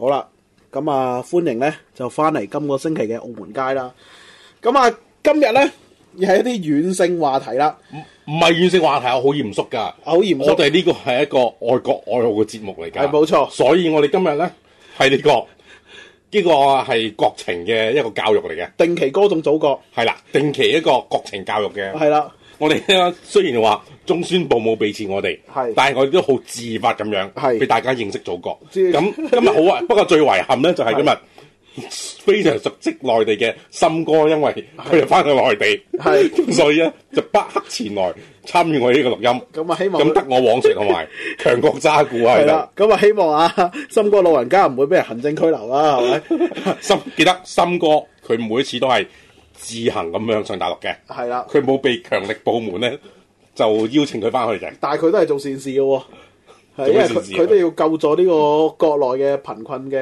好啦，咁啊，歡迎咧就翻嚟今個星期嘅澳門街啦。咁啊，今日咧又係一啲軟性話題啦，唔係軟性話題啊，好嚴肅噶，好嚴肅。我哋呢個係一個愛國愛澳嘅節目嚟噶，係冇錯。所以我哋今日咧係呢個呢個係國情嘅一個教育嚟嘅，定期歌頌祖國，係啦，定期一個國情教育嘅，係啦的。我哋雖然話。中宣部冇俾錢我哋，但係我哋都好自發咁樣，俾大家認識祖國。咁今日好啊，不過最遺憾咧，就係今日非常熟悉內地嘅森哥，因為佢哋翻去內地，咁所以咧就不克前來參與我呢個錄音。咁啊，希望得我黃 Sir 同埋強國渣古啊。係啦，咁啊，希望啊，森哥老人家唔會俾人行政拘留啦，係咪？森記得森哥佢每一次都係自行咁樣上大陸嘅，係啦，佢冇被強力部門咧，就邀請佢翻去嘅，但係佢都係做善事嘅，係因為佢都要救助呢個國內嘅貧困嘅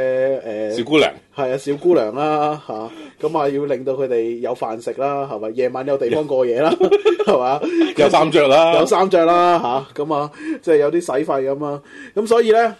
誒小姑娘，係啊、呃，小姑娘啦嚇，咁啊 要令到佢哋有飯食啦，係咪夜晚有地方過夜啦，係嘛？有衫着啦，有衫着啦嚇，咁啊，即係有啲使費咁啊，咁所以咧，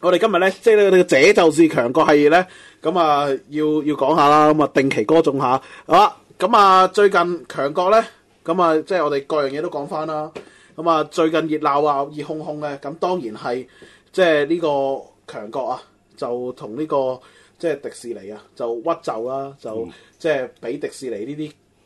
我哋今日咧，即係呢個這就是強國係咧，咁啊要要講下啦，咁啊定期歌頌下，好啦，咁啊最近強國咧。咁啊，即係我哋各樣嘢都講翻啦。咁啊，最近熱鬧啊，熱烘烘呢，咁當然係，即係呢個強國啊，就同呢、這個即係迪士尼啊，就屈就啦，啊，就，嗯、就即係俾迪士尼呢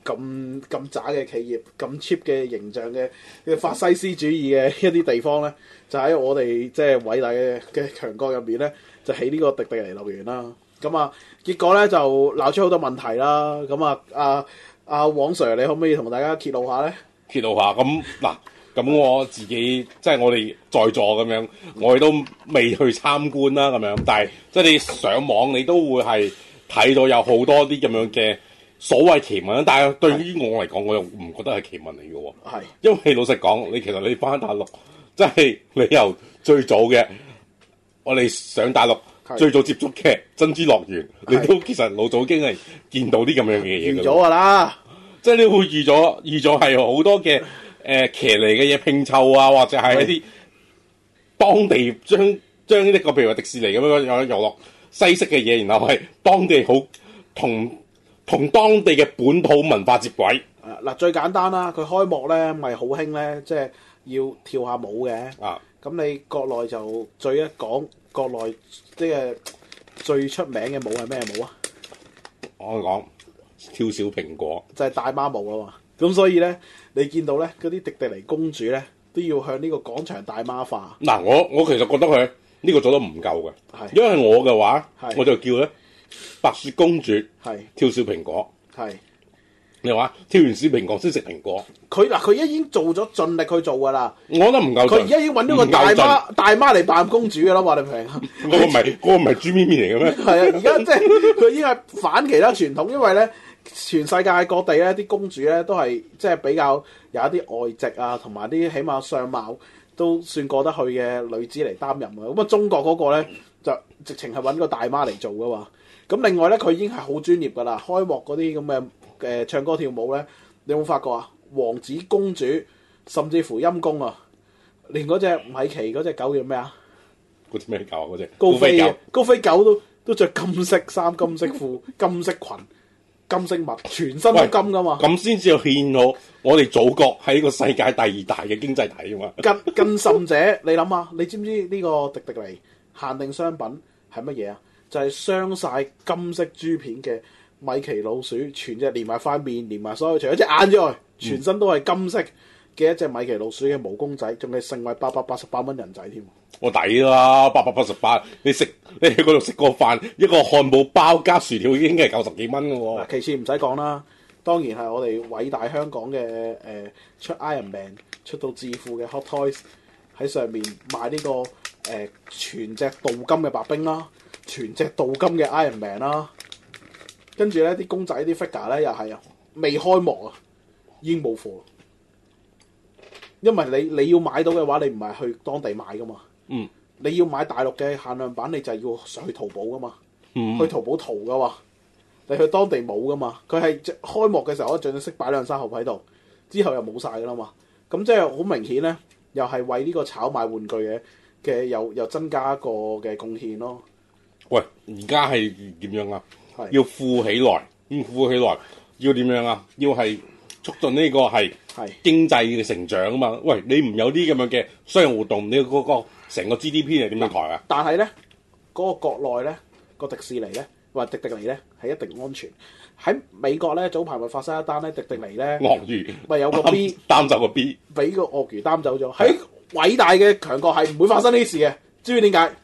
啲咁咁渣嘅企業，咁 cheap 嘅形象嘅，這個、法西斯主義嘅一啲地方咧，就喺我哋即係偉大嘅嘅強國入面咧，就起呢個迪迪尼樂園啦。咁啊，結果咧就鬧出好多問題啦。咁啊，阿、啊、黃 Sir，你可唔可以同大家揭露下咧？揭露下咁嗱，咁我自己即係、就是、我哋在座咁樣，我哋都未去參觀啦咁樣，但係即係你上網，你都會係睇到有好多啲咁樣嘅所謂奇聞，但係對於我嚟講，我又唔覺得係奇聞嚟嘅喎。係的，因為老實講，你其實你翻大陸，即係你由最早嘅我哋上大陸。是最早接觸嘅珍珠樂園。是你都其實老早經係見到啲咁樣嘅嘢，預咗㗎啦，即係你會預咗預咗係好多嘅誒騎呢嘅嘢拼湊啊，或者係一啲是當地將呢啲，將這個譬如話迪士尼咁樣樣遊樂西式嘅嘢，然後係當地好同同當地嘅本土文化接軌。誒嗱、啊，最簡單啦，佢開幕咧咪好興咧，即係、就是、要跳下舞嘅。啊，咁你國內就最一講。國內啲誒最出名嘅舞係咩舞啊？我講跳小蘋果，就係大媽舞啊嘛。咁所以咧，你見到咧嗰啲迪迪尼公主咧，都要向呢個廣場大媽化。嗱，我我其實覺得佢呢個做得唔夠嘅，是因為我嘅話，是我就叫咧白雪公主是跳小蘋果。你話挑完小蘋果先食蘋果。佢嗱，佢已經做咗盡力去做噶啦。我都唔夠佢。佢而家已經揾到個大媽大媽嚟扮公主噶啦，話你平，嗰個唔係嗰個唔係朱咪咪嚟嘅咩？係啊！ 而家即係佢已經係反其他傳統，因為咧全世界各地咧啲公主咧都係即係比較有一啲外籍啊，同埋啲起碼相貌都算過得去嘅女子嚟擔任啊。咁啊，中國嗰個咧就直情係揾個大媽嚟做噶嘛。咁另外咧，佢已經係好專業噶啦，開幕嗰啲咁嘅。誒、呃，唱歌跳舞咧，你有冇發覺啊？王子公主，甚至乎陰公啊，連嗰隻米奇嗰隻狗叫咩啊？嗰隻咩狗啊？嗰隻高飛、啊、高飛狗，高飛狗都都着金色衫、 金色褲、金色裙、金色襪，全身都金噶嘛？咁先至要顯露我哋祖國喺呢個世界第二大嘅經濟體啊嘛！更更甚者，你諗下，你知唔知呢個迪迪尼限定商品係乜嘢啊？就係鑲晒金色珠片嘅。米奇老鼠全隻連埋塊面，連埋所有除咗隻眼之外，全身都係金色嘅一隻米奇老鼠嘅毛公仔，仲係成為八百八十八蚊人仔添。我抵啦，八百八十八，你食你喺嗰度食個飯，一個漢堡包加薯條已經係九十幾蚊嘅喎。其次唔使講啦，當然係我哋偉大香港嘅、呃、出 Iron Man 出到致富嘅 Hot Toys 喺上面買呢、這個全隻鍍金嘅白兵啦，全隻鍍金嘅 Iron Man 啦。跟住呢啲公仔啲 figure 咧，又係啊，未開幕啊，已經冇貨。因為你你要買到嘅話，你唔係去當地買噶嘛。嗯。你要買大陸嘅限量版，你就係要上去淘寶噶嘛。嗯。去淘寶淘噶嘛，你去當地冇噶嘛。佢係開幕嘅時候，我盡量識擺兩三盒喺度，之後又冇晒噶啦嘛。咁即係好明顯呢，又係為呢個炒賣玩具嘅嘅，又又增加一個嘅貢獻咯。喂，而家係點樣啊？是要富起來，咁富起來要點樣啊？要係促進呢個係經濟嘅成長啊嘛！是喂，你唔有啲咁樣嘅商業活動，你嗰個成個 GDP 係點樣抬啊？但係咧，嗰、嗰個國內咧，個迪士尼咧，話迪迪尼咧係一定安全。喺美國咧，早排咪發生一單咧，迪迪尼咧鱷魚咪有個 B 擔走個 B，俾個鱷魚擔走咗。喺偉是大嘅強國係唔會發生呢啲事嘅，知唔知點解？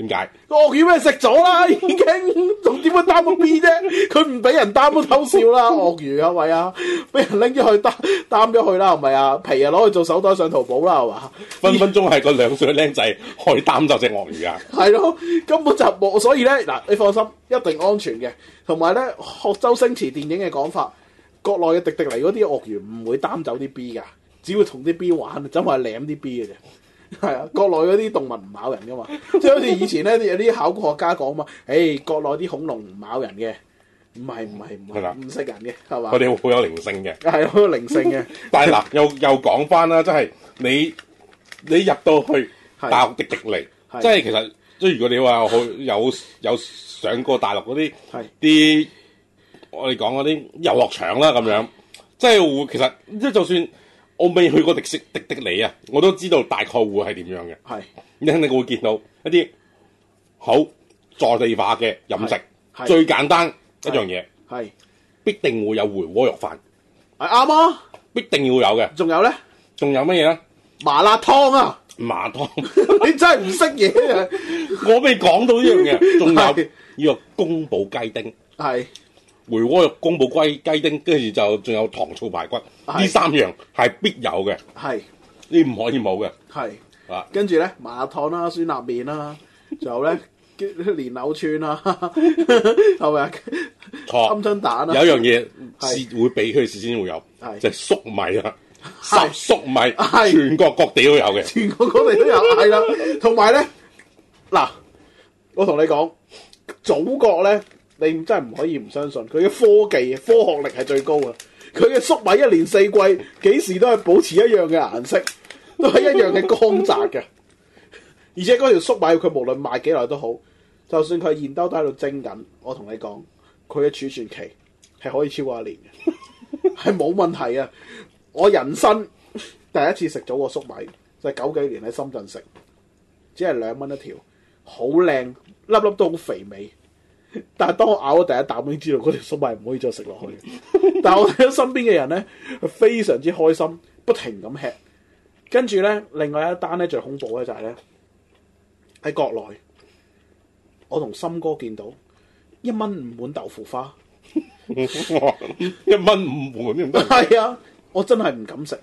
點解？個鱷魚咩食咗啦，已經仲點會擔到 B 啫？佢唔俾人擔都偷笑啦，鱷魚啊喂啊，俾人拎咗去擔，擔咗去啦，係咪啊？皮就攞去做手袋上淘寶啦，係嘛？分分鐘係個兩歲僆仔開擔就隻鱷魚啊！係咯，根本就冇，所以咧嗱，你放心，一定安全嘅。同埋咧，學周星馳電影嘅講法，國內嘅迪迪尼嗰啲鱷魚唔會擔走啲 B 噶，只要同啲 B 玩，只係舐啲 B 嘅啫。係啊，國內嗰啲動物唔咬人噶嘛，即係好似以前咧有啲考古學家講嘛，誒，國內啲恐龍唔咬人嘅，唔係唔係唔識人嘅，係嘛？佢哋好有靈性嘅，係好有靈性嘅。但係嗱，又又講翻啦，即係你你入到去，大陸迪迪尼，即係其實，即係如果你話去有有上過大陸嗰啲啲，我哋講嗰啲遊樂場啦咁樣，即係其實即係就算。我未去過迪士迪的滴滴滴裏啊，我都知道大概會係點樣嘅。係是，你肯定會見到一啲好在地化嘅飲食，是最簡單一樣嘢係必定會有回鍋肉飯，係啱啊！必定要有嘅。仲有咧？仲有乜嘢咧？麻辣燙啊！麻辣燙， 你真係唔識嘢啊我！我未講到呢樣嘢。仲有呢是個宮保雞丁係。回鍋肉、宮保雞雞丁，跟住就仲有糖醋排骨，呢三樣係必有嘅，係呢，唔可以冇嘅，係啊。跟住咧，麻辣燙啦、酸辣麵啦，仲有咧，蓮藕串啦，係咪啊？錯。鵪鶉蛋啊，有樣嘢係會俾佢事先先會有，係即係粟米啦，十粟米，全國各地都有嘅，全國各地都有，係啦。同埋咧，嗱，我同你講，祖國咧。你真係唔可以唔相信佢嘅科技、科學力係最高啊！佢嘅粟米一年四季幾時都係保持一樣嘅顏色，都係一樣嘅光澤嘅。而且嗰條粟米佢無論賣幾耐都好，就算佢現兜都喺度蒸緊，我同你講，佢嘅儲存期係可以超過一年嘅，係冇問題啊！我人生第一次食咗個粟米就係、是、九幾年喺深圳食，只係兩蚊一條，好靚，粒粒都好肥美。但係當我咬咗第一啖，我已經知道嗰條粟米唔可以再食落去。但係我睇到身邊嘅人咧，非常之開心，不停咁吃。跟住咧，另外一單咧最恐怖嘅就係咧，喺國內，我同森哥見到一蚊五碗豆腐花，一蚊五碗啲唔得，係啊，我真係唔敢食。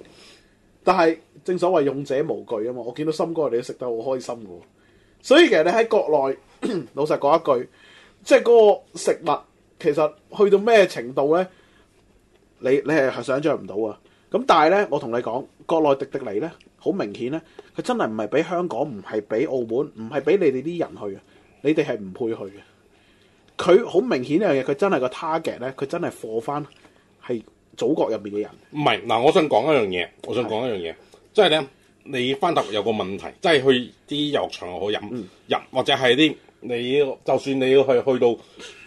但係正所謂勇者無懼啊嘛，我見到森哥你都食得好開心噶，所以其實你喺國內老實講一句。即係個食物，其實去到咩程度咧？你你係想像唔到啊！咁但係咧，我同你講，國內迪士尼咧，好明顯咧，佢真係唔係俾香港，唔係俾澳門，唔係俾你哋啲人去啊。你哋係唔配去嘅。佢好明顯一樣嘢，佢真係個 target 咧，佢真係貨翻係祖國入面嘅人。唔係嗱，我想講一樣嘢，我想講一樣嘢，的即係咧，你翻頭有個問題，即係去啲遊場好飲飲或者係啲。你就算你要去去到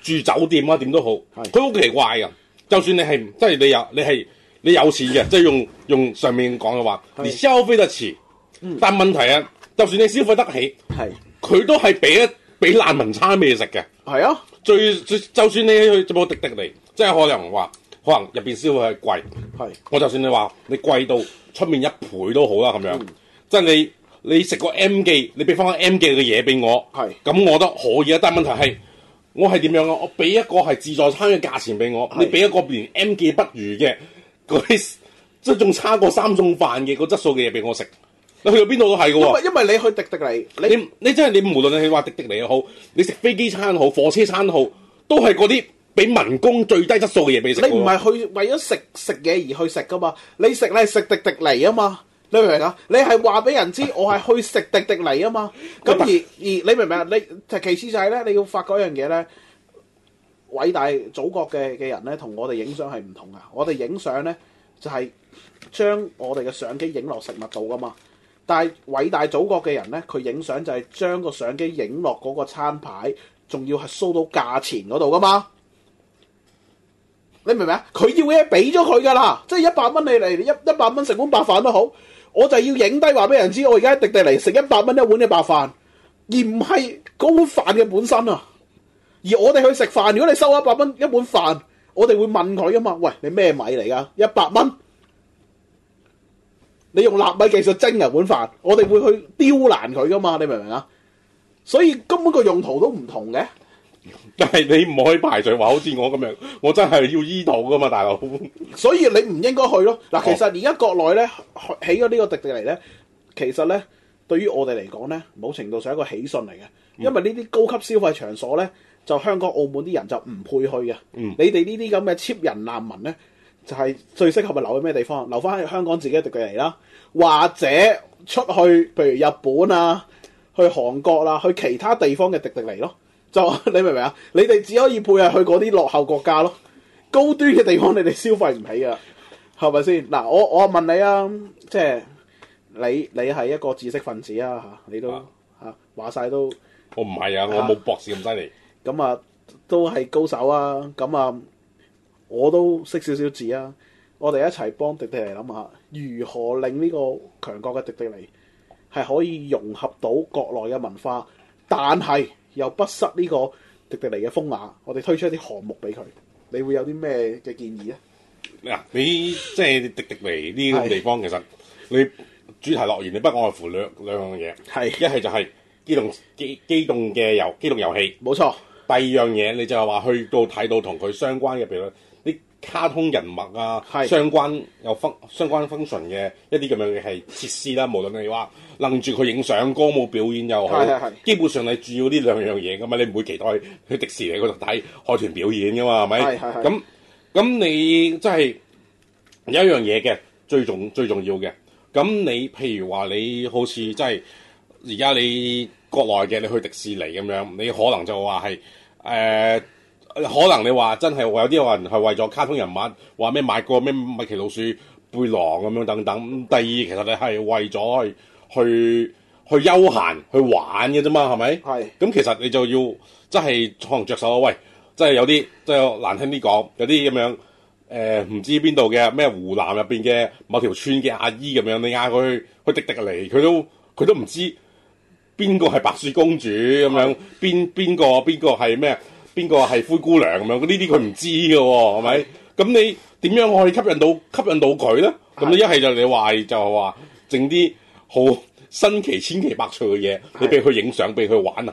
住酒店啊，點都好，佢好是奇怪噶。就算你係即係你有你係你有錢嘅，即係 用用上面講嘅話，是你消費得遲。嗯、但問題啊，就算你消費得起，係佢是都係俾一俾爛民餐俾你食嘅。係啊，最最就算你去什麼滴滴嚟，即、就、係、是、可能話可能入邊消費係貴，係是我就算你話你貴到出面一倍都好啦，咁樣即係、嗯、你。你食個 M 記，你俾翻個 M 記嘅嘢俾我，咁是我覺得可以啊。但問題係，我係點樣啊？我俾一個係自助餐嘅價錢俾我，是你俾一個連 M 記不如嘅嗰啲，即係仲差過三餸飯嘅個質素嘅嘢俾我食。你去到邊度都係嘅喎。因為你去迪迪尼，你你真係你，你無論你去話迪迪尼又好，你食飛機餐好，火車餐好，都係嗰啲俾民工最低質素嘅嘢俾你食。你唔係去為咗食食嘢而去食噶嘛？你食你係食迪迪尼啊嘛？你明唔明啊？你係話俾人知，我係去食迪迪嚟啊嘛！咁喂而喂而你明唔明啊？你就其次就係、是、咧，你要發覺一樣嘢咧，偉大祖國嘅嘅人咧，同我哋影相係唔同噶！我哋影相咧就係、是、將我哋嘅相機影落食物度噶嘛，但係偉大祖國嘅人咧，佢影相就係將個相機影落嗰個餐牌，仲要係掃到價錢嗰度噶嘛？你明唔明啊？佢要嘅嘢俾咗佢噶啦，即係、就是、一百蚊你嚟一一百蚊食碗白飯都好。我就要影低話俾人知，我而家喺迪地尼食一百蚊一碗嘅白飯，而唔係嗰碗飯嘅本身啊！而我哋去食飯，如果你收一百蚊一碗飯，我哋會問佢噶嘛？喂，你咩米嚟噶？一百蚊，你用納米技術蒸一碗飯，我哋會去刁難佢噶嘛？你明唔明啊？所以根本個用途都唔同嘅。但係你唔可以排除話，好似我咁樣，我真係要醫肚噶嘛，大佬。所以你唔應該去咯。嗱，其實而家國內咧起咗呢個迪士尼咧，其實咧對於我哋嚟講咧，某程度上係一個喜訊嚟嘅。因為呢啲高級消費場所咧，就香港澳門啲人就唔配去嘅。嗯，你哋呢啲咁嘅 cheap 人難民咧，就係、是、最適合咪留喺咩地方？留翻喺香港自己嘅迪士尼啦，或者出去，譬如日本啊，去韓國啦、啊，去其他地方嘅迪士尼咯。就你明唔明啊？你哋只可以配合去嗰啲落後國家咯，高端嘅地方你哋消費唔起啊，係咪先？嗱，我我問你啊，即係你你係一個知識分子啊嚇，你都嚇話晒都我唔係啊，我冇博士咁犀利咁啊，都係高手啊，咁啊，我都識少少字啊。我哋一齊幫迪迪嚟諗下，如何令呢個強國嘅迪迪嚟係可以融合到國內嘅文化，但係。又不失呢個迪迪尼嘅風貌，我哋推出一啲項目俾佢，你會有啲咩嘅建議咧？嗱，你即係迪迪尼呢個地方， 其實你主題樂園你不外乎兩兩樣嘢，係 一係就係機動機機動嘅遊機動遊戲，冇錯。第二樣嘢你就係話去到睇到同佢相關嘅比例。卡通人物啊，是相，相關有封相關 function 嘅一啲咁樣嘅係設施啦。無論你話擰住佢影相、歌舞表演又好，是是是基本上你主要呢兩樣嘢噶嘛。你唔會期待去迪士尼嗰度睇海豚表演噶嘛，係咪？咁咁你即係、即係、有一樣嘢嘅最重最重要嘅。咁你譬如話你好似即係而家你國內嘅，你去迪士尼咁樣，你可能就話係誒。呃可能你話真係，有啲有人係為咗卡通人物，話咩買過咩米奇老鼠背囊咁樣等等。第二，其實你係為咗去去休閒去玩嘅啫嘛，係咪？係是。咁其實你就要真係可能着手啊，喂，真係有啲真係難聽啲講，有啲咁樣誒，呃，唔知邊度嘅咩湖南入邊嘅某條村嘅阿姨咁樣，你嗌佢佢去迪迪尼，佢都佢都唔知邊個係白雪公主咁樣，邊邊是個邊個係咩？邊個係灰姑娘咁樣？呢啲佢唔知嘅喎，係咪？咁你點樣可以吸引到吸引到佢咧？咁是的 你一係就你話就話整啲好新奇千奇百趣嘅嘢，是的 你俾佢影相，俾佢玩下。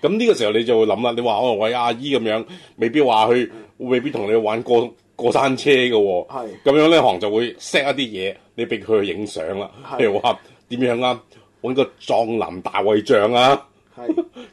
咁呢是的 個時候你就會諗啦，你話我喂阿姨咁樣，未必話佢未必同你玩過過山車嘅喎、哦。咁是的 樣呢，行就會 set 一啲嘢，你俾佢去影相啦。譬是的 如話點樣啊？揾個壯男大衛像啊！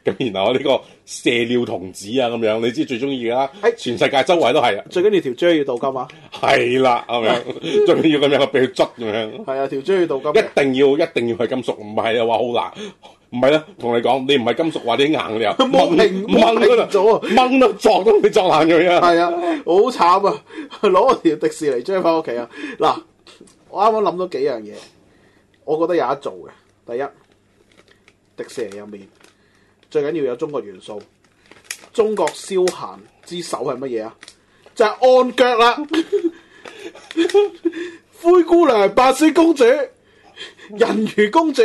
咁然後我呢個射尿童子啊咁樣，你知最中意啦。喺是全世界周圍都係啊！最緊要條錐要鍍金啊！係啦，咁樣最緊要咁樣俾佢捽咁樣。係啊，條錐要鍍金。一定要，一定要係金屬，唔係啊話好難。唔係啊，同你講，你唔係金屬，話啲硬你啊，掹掹咗，掹都撞，你撞爛佢啊！係啊，好慘啊！攞條迪士尼追翻屋企啊！嗱，我啱啱諗到幾樣嘢，我覺得有得做嘅。第一，迪士尼入面。最緊要有中國元素，中國消閒之首係乜嘢啊？就係、是、按腳啦！灰姑娘、白雪公主、人魚公主，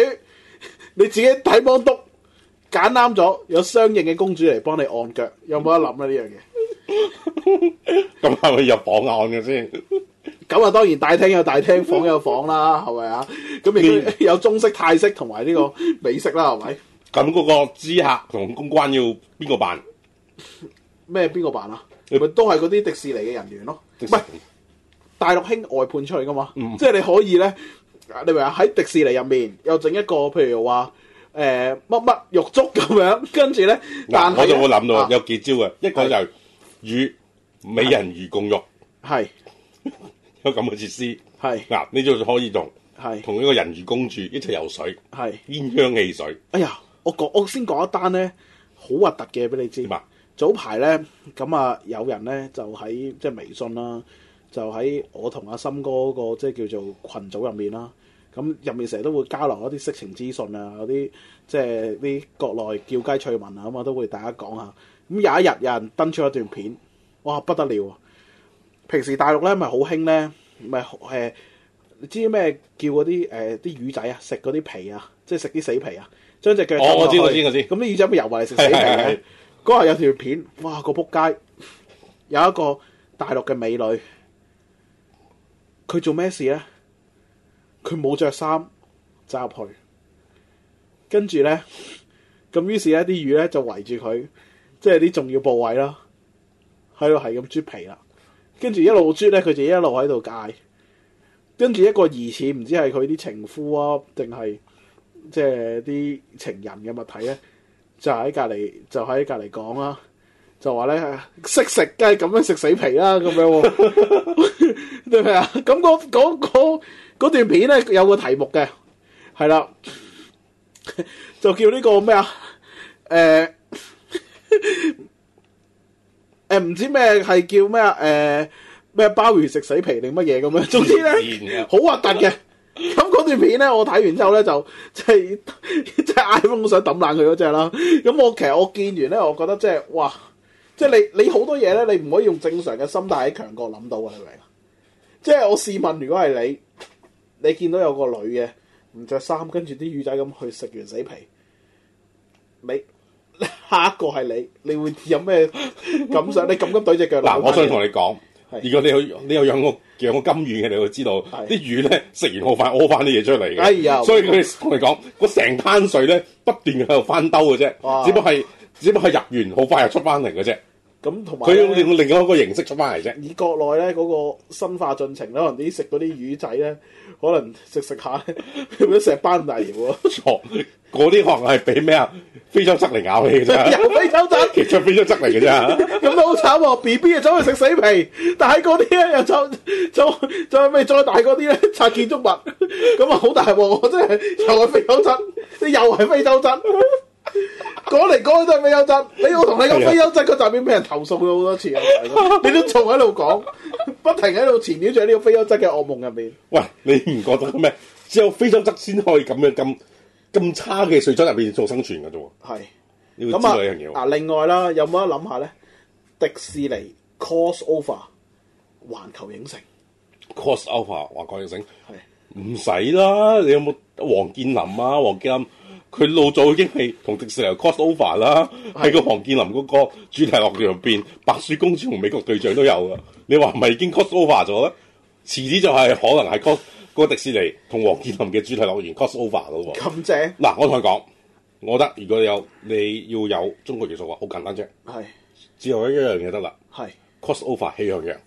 你自己睇幫督。揀啱咗有相應嘅公主嚟幫你按腳，有冇得諗啊？呢、嗯、 樣嘢咁係咪入房按嘅先？咁啊當然大廳有大廳，房有房啦，係咪啊？咁你有中式、泰式同埋呢個美式啦，係咪？咁嗰個知客同公關要邊個辦？咩邊個辦啊？你咪都係嗰啲迪士尼嘅人員咯，唔係大陸興外判出去噶嘛？即係你可以咧，你咪喺迪士尼入面又整一個，譬如話誒乜乜浴足咁樣，跟住咧我就會諗到有幾招嘅，一個就與美人魚共浴，係有咁嘅設施，係嗱，你就可以同同一個人魚公主一齊游水，係煙香汽水，哎呀！我講我先講一單咧，好核突嘅嘢俾你知。早排咧，咁啊有人咧就喺即係微信啦，就喺我同阿森哥嗰個即係叫做群組入面啦。咁入面成日都會交流一啲色情資訊啊，嗰啲即係啲國內叫雞趣聞啊，咁啊都會大家講下。咁有一日有人登出一段片，哇不得了！啊！平時大陸咧咪好興咧，唔係誒、呃、你知咩叫嗰啲誒啲魚仔啊食嗰啲皮啊，即係食啲死皮啊。將隻腳，我知我知我知。咁啲魚仔咪游埋嚟食死皮。嗰日有條片，哇個扑街，有一個大陸嘅美女，佢做咩事咧？佢冇着衫走入去，跟住咧，咁於是咧啲魚咧就圍住佢，即係啲重要部位啦，喺度係咁啜皮啦。跟住一路啜咧，佢就一路喺度嗌。跟住一個疑似唔知係佢啲情夫啊，定係。即係啲情人嘅物體咧，就喺隔籬，就喺隔籬講啦，就話咧識食梗係咁樣食死皮啦，咁樣，對唔係啊？咁嗰嗰段片咧有個題目嘅，係啦，就叫呢個咩啊？誒誒唔知咩係叫咩啊？誒咩鮑魚食死皮定乜嘢咁樣？總之咧，好核突嘅。咁嗰段片咧，我睇完之後咧就即係即係 iPhone 想抌爛佢嗰隻啦。咁我其實我見完咧，我覺得即係哇，即係你你好多嘢咧，你唔可以用正常嘅心態喺強國諗到嘅，係咪？即係我試問，如果係你，你見到有個女嘅唔着衫，跟住啲魚仔咁去食完死皮，你下一個係你，你會有咩感想，你敢唔敢懟隻腳？嗱，我想同你講，如果你有你有養屋。有個金魚嘅，你會知道啲是的 魚呢，食完好快屙返啲嘢出嚟嘅，哎、呦所以佢同你講，個成灘水呢，不斷喺度翻兜嘅啫哇，只不過係只不入完好快又出返嚟嘅啫。咁同埋佢用另另一個形式出翻嚟啫。以國內咧嗰個生化進程咧，可能啲食嗰啲魚仔咧，可能食食下咧，有冇啲石斑泥喎？嗰啲 可能係俾咩啊？非洲鯽嚟咬佢嘅啫。 又非洲鯽，其實非洲鯽嚟嘅啫。咁好 慘喎！B B 就走去食死皮，但喺嗰啲咧又走走再咩再大嗰啲咧拆建築物，咁 啊好大喎！我真係又係非洲鯽，你又係非洲鯽。講嚟講去都係非優質，我你我同你講非優質，佢的就變、是、俾人投訴咗好多次。 你都仲喺度講，不停喺度纏繞住喺呢個非優質嘅噩夢入邊。喂，你唔覺得咩？只有非優質先可以咁樣咁咁差嘅水準入邊做生存嘅啫？係是，你要知道一樣嘢。嗱、啊啊，另外啦，有冇得諗下咧？迪士尼、Cross Over、環球影城、Cross Over、環球影城，唔使啦。你有冇王健林啊？王健林？佢老早已經係同迪士尼 cross over 啦，喺個王健林嗰個主題樂園入面，白雪公主同美國隊長都有噶。你話唔係已經 cross over 咗咧？遲啲就係可能係 cross 個迪士尼同王健林嘅主題樂園 cross over 咯喎。咁正嗱，我同佢講，我覺得如果你有你要有中國元素嘅話，好簡單啫，係的，只有一樣嘢得啦。係的 cross over 喜羊羊，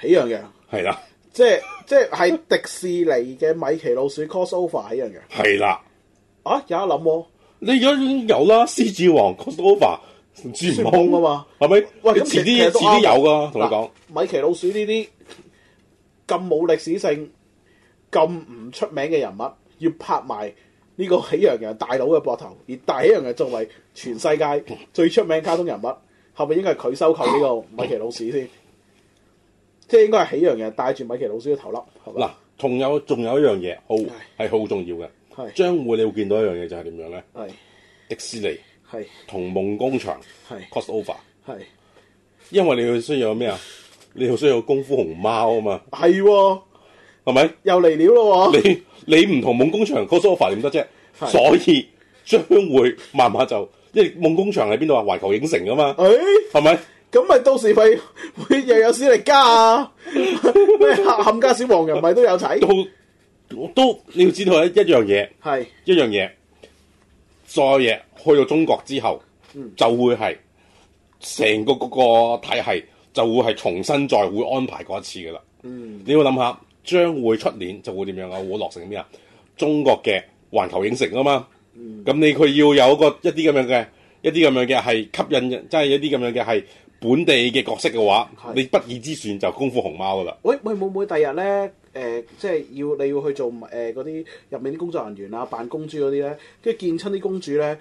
喜羊羊係啦，即係即係迪士尼嘅米奇老鼠 cross over 喜羊羊，係啦。啊，有得諗喎！啊，你而家已經有啦，獅子王、Godfather 孫悟空啊嘛，係咪？喂，遲啲遲啲有噶，同你講。啊、米奇老鼠呢啲咁冇歷史性、咁唔出名嘅人物，要拍埋呢個喜洋洋大佬嘅膊頭，而大喜洋洋作為全世界最出名卡通人物，係咪 應該係佢收購呢個米奇老鼠先？ 即係應該係喜洋洋帶住米奇老鼠嘅頭粒，係咪、啊？嗱，仲有仲有一樣嘢，好係好重要嘅。將會你會見到一樣嘢就係點樣咧？迪士尼同夢工場 cost over，因為你要需要咩啊？你要需要功夫熊貓啊嘛。係喎，係咪又嚟料咯？你你唔同夢工場 cost over 點得啫？所以將會慢慢就，因為夢工場喺邊度啊？環球影城啊嘛。誒，係咪？咁咪到時咪會又有史力加咩？冚家小黃人咪都有睇。我都你要知道一一樣嘢，一樣嘢，所有嘢是去到中國之後，嗯、就會係成個嗰我個體系就會係重新再會安排過一次噶啦。嗯、你要諗下，將會出年就會點樣啊？會落成咩啊？中國嘅環球影城啊嘛，咁、嗯、你佢要有一個一啲咁樣嘅一啲咁樣嘅係吸引，即、就、係、是、一啲咁樣嘅係本地嘅角色嘅話，是你不二之選就功夫熊貓噶啦。喂喂、哎，冇冇第日咧？誒、呃，即係要你要去做誒嗰啲入面啲工作人員啊，辦公主嗰啲咧，跟住見親啲公主咧，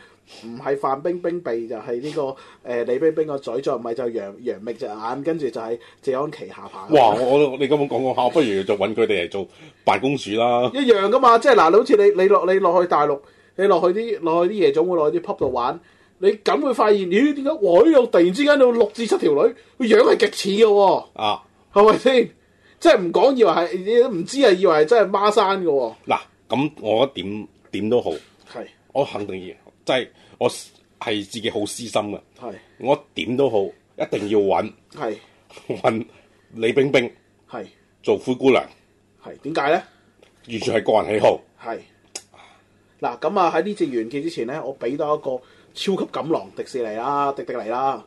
唔係范冰冰鼻就係、是、呢、這個誒、呃、李冰冰個嘴，再唔係就係楊楊冪隻眼，跟住就係謝安琪下巴。哇！我，我你咁樣講講下， 我不如就揾佢哋嚟做辦公主啦。一樣噶嘛，即係嗱，你好似你你落你落去大陸，你落去啲落去啲夜總會，落去啲 pub 度玩，你咁會發現，咦？點解我呢個突然之間有六至七條女，個樣係極似嘅喎。啊，係咪先？即係唔講，以為係你都唔知是是啊！以為真係孖生嘅喎。嗱，咁我點點都好，係是，我肯定要，即係我係自己好私心嘅，係是，我點都好，一定要揾，係是，揾李冰冰，係是，做灰姑娘，係，點解咧？完全係個人喜好，係。嗱，咁啊喺呢次完結之前咧，我俾多一個超級錦囊迪士尼啦，迪迪尼啦。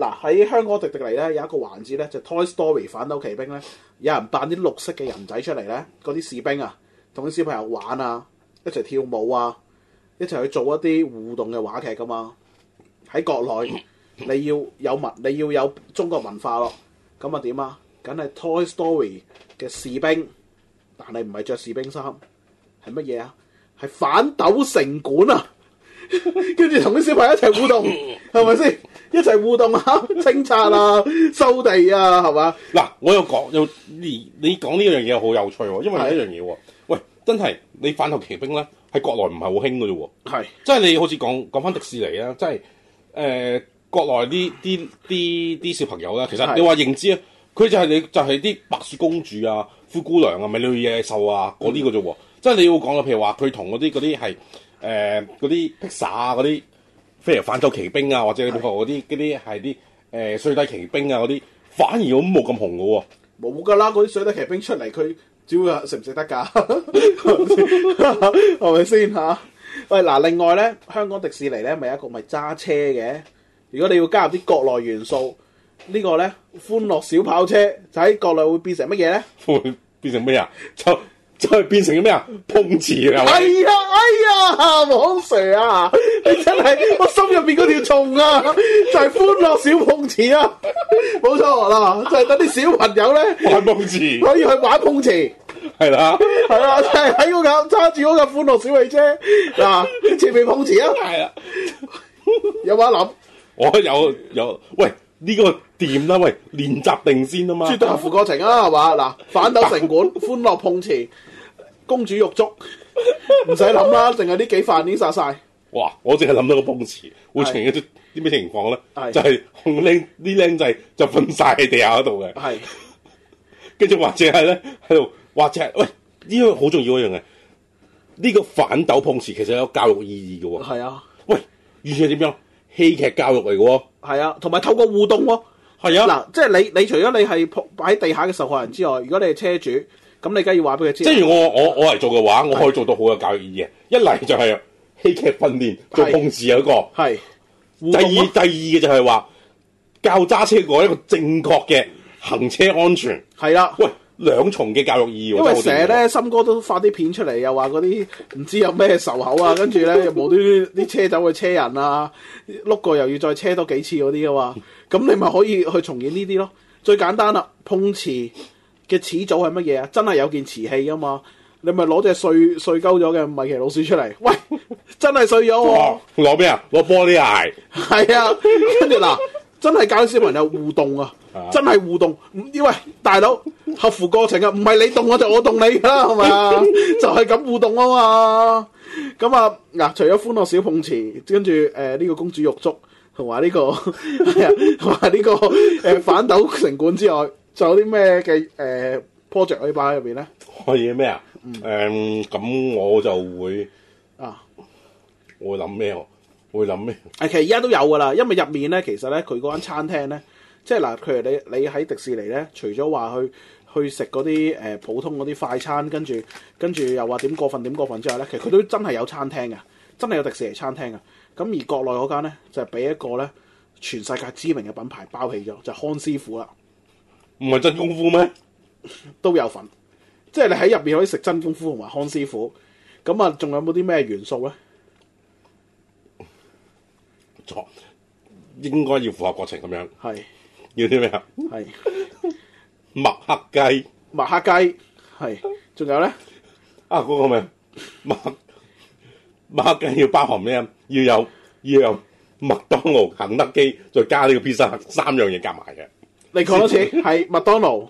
嗱，喺香港迪迪尼咧，有一個環節咧，就係 Toy Story 反斗奇兵咧，有人扮啲綠色嘅人仔出嚟咧，嗰啲士兵啊，同啲小朋友玩啊，一齊跳舞啊，一齊去做一啲互動嘅話劇噶嘛。喺國內你要有文，你要有中國文化咯，咁啊點啊？梗係 Toy Story 嘅士兵，但係唔係着士兵衫，係乜嘢啊？係反斗城管啊！ 跟住同啲小朋友一齊互動，係咪先？一齊互動下 清拆啊、收地啊，係嘛？嗱，我又講又你你講呢樣嘢好有趣，因為係一樣嘢喎。是喂，真係你反斗奇兵咧，喺國內唔係是好興嘅啫。係，即係你好似講講翻迪士尼啊，即係誒，國內啲啲啲啲小朋友咧，其實你話認知咧，佢是就係、是、你就係、是、啲白雪公主啊、灰姑娘啊、美女野獸啊嗰啲嘅啫。即係、嗯、你要講啊，譬如話佢同嗰啲嗰啲係。誒嗰啲披薩啊，嗰啲譬如反斗奇兵啊，或者嗰啲啲嗰啲係啲誒水底奇兵啊，嗰啲反而都冇咁紅嘅喎、啊，冇噶啦！嗰啲水底奇兵出嚟，佢只會食唔食得㗎？係咪先嚇？喂，嗱，另外咧，香港迪士尼咧，咪一個咪揸車嘅？如果你要加入啲國內元素，這個、呢個咧歡樂小跑車就喺國內會變成乜嘢咧？ 會變成乜呀？就～就係變成咗咩啊？碰瓷啊！哎呀，哎呀，黃 sir 啊！你真係 我心入邊嗰條蟲啊！就係歡樂小碰瓷啊！冇錯嗱，就係、嗰、啲小朋友咧玩碰瓷，可以去玩碰瓷。係啦的，係就係喺嗰架揸住嗰架歡樂小汽車嗱，前面碰瓷啊！係是的 有冇諗？我有有喂呢個掂啦喂，練、這、習、個、定先啊嘛，即係學副過程啊，係嘛嗱，反斗城管歡樂碰瓷。公主玉足唔使諗啦，淨係呢幾塊碾晒晒。哇！我淨係諗到個碰瓷會呈現一啲啲咩情況咧？是就係紅僆啲僆仔就瞓晒喺地下度嘅。係是，跟住或者係咧喺度，或者喂呢樣好重要的一樣嘅呢個反斗碰瓷其實有教育意義嘅喎。係啊，喂，完全係點樣戲劇教育嚟嘅？係啊，同埋透過互動喎。係啊，嗱，即係你，你除咗你係仆喺地下嘅受害人之外，如果你係車主。咁你梗要話俾佢知。即係我我我嚟做嘅話，我可以做到好有教育意義。一嚟就係戲劇訓練，做碰瓷有嗰個。係。第二第二嘅就係話教揸車過一個正確嘅行車安全。係啦。喂，兩重嘅教育意義。因為成日咧，森哥都發啲片出嚟，又話嗰啲唔知有咩仇口啊， 跟住咧又無端端啲車走去車人啊，碌過又要再車多幾次嗰啲嘅話，咁你咪可以去重現呢啲咯。最簡單啦，碰瓷。嘅始祖係乜嘢啊？真係有件瓷器噶嘛？你咪攞隻碎碎鳩咗嘅米奇老鼠出嚟？喂，真係碎咗喎！攞咩啊？攞、啊、玻璃鞋？係啊，跟住嗱，真係教小朋友互動啊！啊真係互動，因為大佬合乎過程啊，唔係你動我就係、我動你㗎啦，係咪啊？就係、係、咁互動啊嘛。咁啊嗱，除咗歡樂小碰瓷，跟住呢個公主玉足，同埋呢個同埋呢個、呃、反斗城管之外。就有啲咩嘅誒 project 喺入邊咧？可以咩啊？誒咁、嗯嗯、我就會啊，我諗咩我會諗咩？誒其實而家都有噶啦，因為入面咧其實咧佢嗰間餐廳咧，即係嗱，譬如你你喺迪士尼咧，除咗話去去食嗰啲誒普通嗰啲快餐，跟住跟住又話點過分點過分之後咧，其實佢都真係有餐廳嘅，真係有迪士尼餐廳嘅。咁而國內嗰間咧就俾、係、一個咧全世界知名嘅品牌包起咗，就康、係、師傅啦。唔係真功夫咩？都有份，即係你喺入邊可以食真功夫同埋康師傅。咁啊，仲有冇啲咩元素咧？錯，應該要符合國情咁樣。係是要啲咩？係是麥克雞、啊，那個，麥克雞係。仲有咧？啊，嗰個咪麥麥克雞要包含咩？要有要有麥當勞、肯德基，再加呢個披薩，三樣嘢，夾埋嘅。你講多次係麥當勞、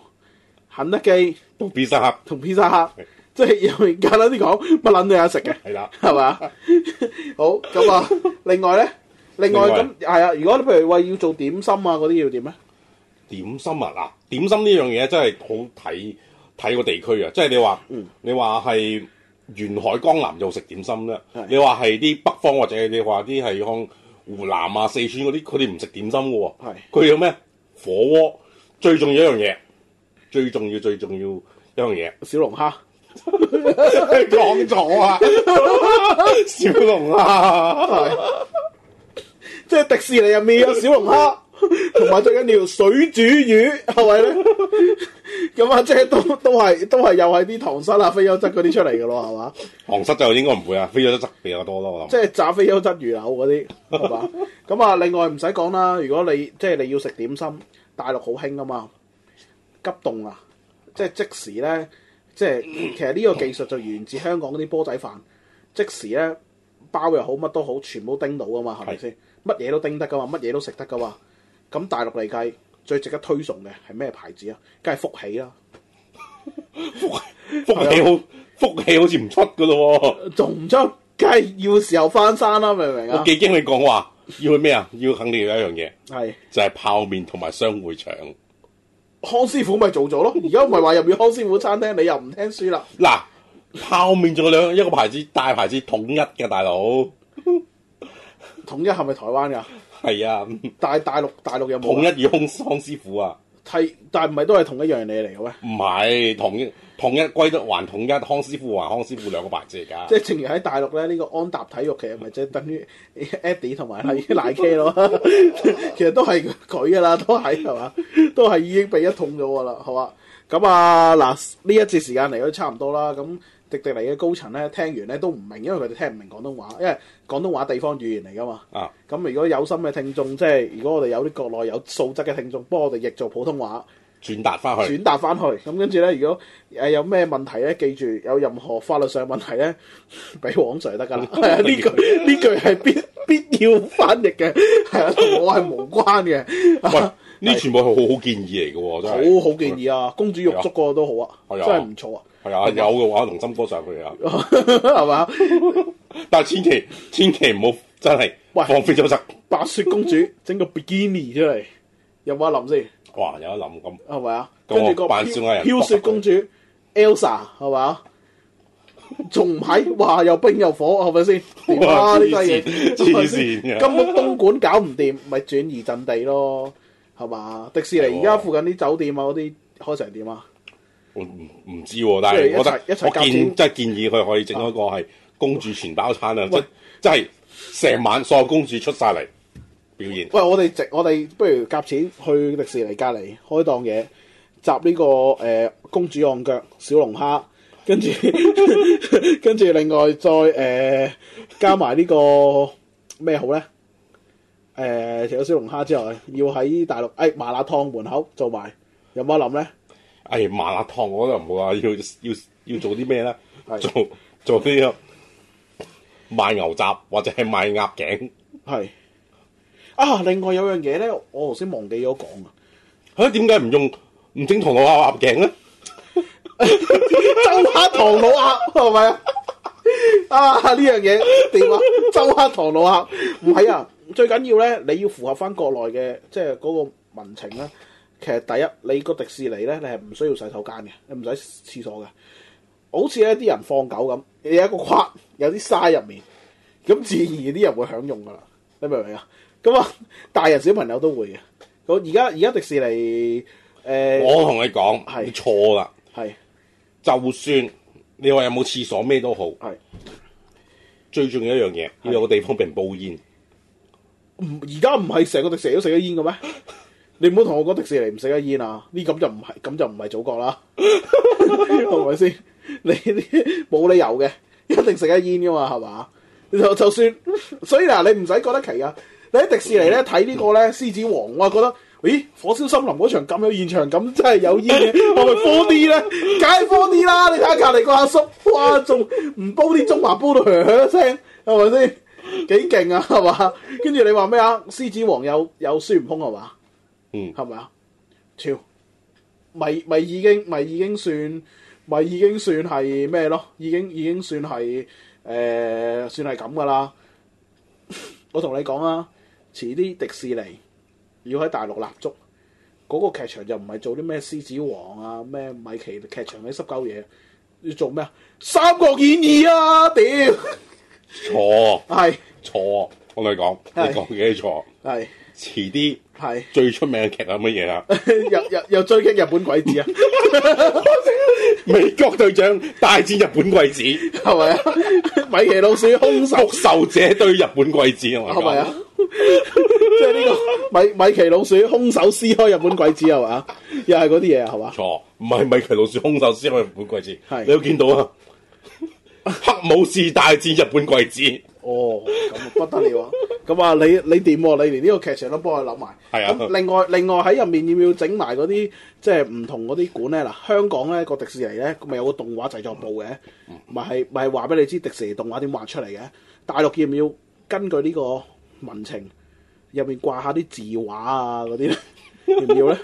肯德基同必薩克。同必薩克，即係又簡單啲講，不撚都有食嘅，係啦，係嘛？好咁啊！另外咧，另外咁係啊，如果譬如話要做點心啊嗰啲要點咧？點心啊嗱，點心呢樣嘢真係好睇睇個地區啊！即係你話，你話係沿海江南就食點心啦，你話係啲北方或者你話啲係向湖南啊、四川嗰啲，佢哋唔食點心嘅喎，佢有咩？火鍋最重要一樣嘢，最重要最重要一樣嘢，小龍蝦講咗啊！小龍蝦， 即係迪士尼入面有小龍蝦，同埋 最緊要水煮魚，係咪咧？咁啊， 即係都都係都係又係啲塘虱啊、非優質嗰啲出嚟嘅咯，係嘛？塘虱就應該唔會啊，非優質比較多咯。即係炸非優質魚柳嗰啲，係嘛？咁啊，另外唔使講啦，如果你即係你要食點心。大陸好興噶嘛，急凍啊！即係即時咧，即係其實呢個技術就源自香港嗰啲煲仔飯，即時咧包又好，乜都好，全部叮到噶嘛，係咪先？乜嘢是都叮得噶嘛，乜嘢都食得噶嘛。咁大陸嚟計最值得推崇嘅係咩牌子啊？梗係福喜啦， 福好、 啊、福喜好，福喜好似唔出噶咯喎，仲唔出？梗係要時候翻山啦、啊，明唔明啊？我幾驚你講話。要去咩啊？要肯定有一樣嘢，係是就係泡麵同埋雙匯腸。康師傅咪做咗咯，而家唔係話入面康師傅餐廳 你又唔聽書啦。嗱，泡麵仲有兩一個牌子，大牌子統一嘅大佬，統一係咪 台灣噶？係啊，但係大大陸大陸有冇統一？而康康師傅啊，係但係唔係都係同一樣嘢嚟嘅咩？唔係統一。統一歸得還統一，康師傅還康師傅，兩個牌子㗎。即係正如喺大陸咧，呢、呢個安踏體育其實咪即係等於 Adi 同埋係 Nike 咯，其實， 其實都係佢㗎啦，都係係嘛，都係已經被一統咗㗎啦，係嘛。咁啊嗱，呢一節時間嚟都差唔多啦。咁迪迪尼嘅高層咧，聽完咧都唔明，因為佢哋聽唔明廣東話，因為廣東話地方語言嚟㗎嘛。啊！咁如果有心嘅聽眾，即係如果我哋有啲國內有素質嘅聽眾，幫我哋譯做普通話。轉達翻去，轉達翻去。咁跟住咧，如果誒有咩問題咧，記住有任何法律上問題咧，俾黃 Sir 就得噶啦。係啊，呢句呢句係必必要翻譯嘅，係啊，同我係無關嘅。唔係呢，全部係好好建議嚟嘅喎，真係好好建議啊！公主玉足個都好啊，真係唔錯啊。係啊，有嘅話，同森哥上去啊，係嘛？但係千祈千祈唔好真係，放飛咗實白雪公主整個比基尼出嚟入花林先。哇！有得諗咁係咪啊？跟住個飄雪公主 Elsa 係咪仲唔係？話又冰又火，係咪先？哇！呢啲黐線嘅，根本東莞搞唔掂，咪轉移陣地咯，係嘛？迪士尼而家附近啲酒店啊，嗰啲開成點啊？我唔唔知，但係我覺得我建即係建議佢可以整一個係公主全包餐啊！即即係成晚所有公主出晒嚟。表現喂，我哋直，我哋不如夾錢去迪士尼隔籬開檔嘢，集呢、這個誒、呃、公主按腳小龍蝦，跟住 跟住另外再誒、呃、加埋、這個、呢個咩好咧？誒、呃，除咗小龍蝦之外，要喺大陸誒、哎、麻辣燙門口做埋，有冇得諗咧？誒、哎，麻辣燙我都唔會話要要要做啲咩咧，做做啲賣牛雜或者係賣鴨頸。係。啊！另外有樣嘢咧，我頭先忘記咗講啊。嚇，點解唔用唔整唐老鴨眼鏡咧？ 周黑唐老鴨係咪啊？啊！呢樣嘢點啊？周黑 唐老鴨唔係啊。 最緊要咧，你要符合翻國內嘅即係嗰個民情啦。其實第一，你個迪士尼咧，你係唔需要洗手間嘅，你唔使廁所嘅。好似一啲人放狗咁，你有一個框有啲沙入面，咁自然啲人會享用噶啦。你明唔明啊？咁啊！大人小朋友都會嘅。咁而家而家迪士尼，呃，我同你講，係錯啦。係係就算你話有冇廁所，咩都好，係係最重要一樣嘢，係要有個地方俾人煲煙。唔而家唔係成個迪士尼都食咗煙嘅咩？你唔好同我講迪士尼唔食咗煙啊！呢咁就唔係咁就唔係祖國啦，係咪先？你呢冇理由嘅，一定食咗煙噶嘛，係嘛？就就算所以嗱，你唔使覺得奇啊！你喺迪士尼咧睇呢個咧獅子王，我啊覺得，咦，火燒森林嗰場咁有現場咁真係有煙，係咪 four D 咧？梗係 four D 啦！你睇下隔籬個阿叔，哇，仲唔煲啲中華，煲到響響聲，係咪先？幾勁啊，係嘛？跟住你話咩啊？獅子王有有孫悟空係嘛？嗯，係咪啊？超，咪咪已經咪已經算咪已經算係咩咯？已經已經算係誒、呃，算係咁噶啦。我同你講啊！遲啲迪士尼要喺大陸立足，嗰個劇場又唔係做啲咩獅子王啊、咩米奇劇場嘅濕鳩嘢，要做咩啊？《三國演義》啊，屌！錯係錯，我同你講，你講幾多錯？係遲啲係最出名嘅劇係乜嘢啊？又又又追擊日本鬼子啊！ 美國隊長大戰日本鬼子係咪啊？米奇老鼠兇手復仇者對日本鬼子係咪啊？ 即係呢個米米奇老鼠，空手撕開日本鬼子，係嘛？又係嗰啲嘢，係嘛？錯，唔係米奇老鼠空手撕開日本鬼子。係是你有見到啊？ 黑武士大戰日本鬼子哦，咁不得了。咁 啊，你你點、啊？你連呢個劇情都幫我諗埋。係啊，另。另外另外，喺入面要唔要整埋嗰啲即係唔同嗰啲館咧？嗱，香港咧、個迪士尼咧咪有個動畫製作部嘅，咪係咪係話俾你知迪士尼動畫點畫出嚟嘅？大陸要唔要根據呢、呢個？文情入面掛下啲字畫啊嗰啲，要唔要咧？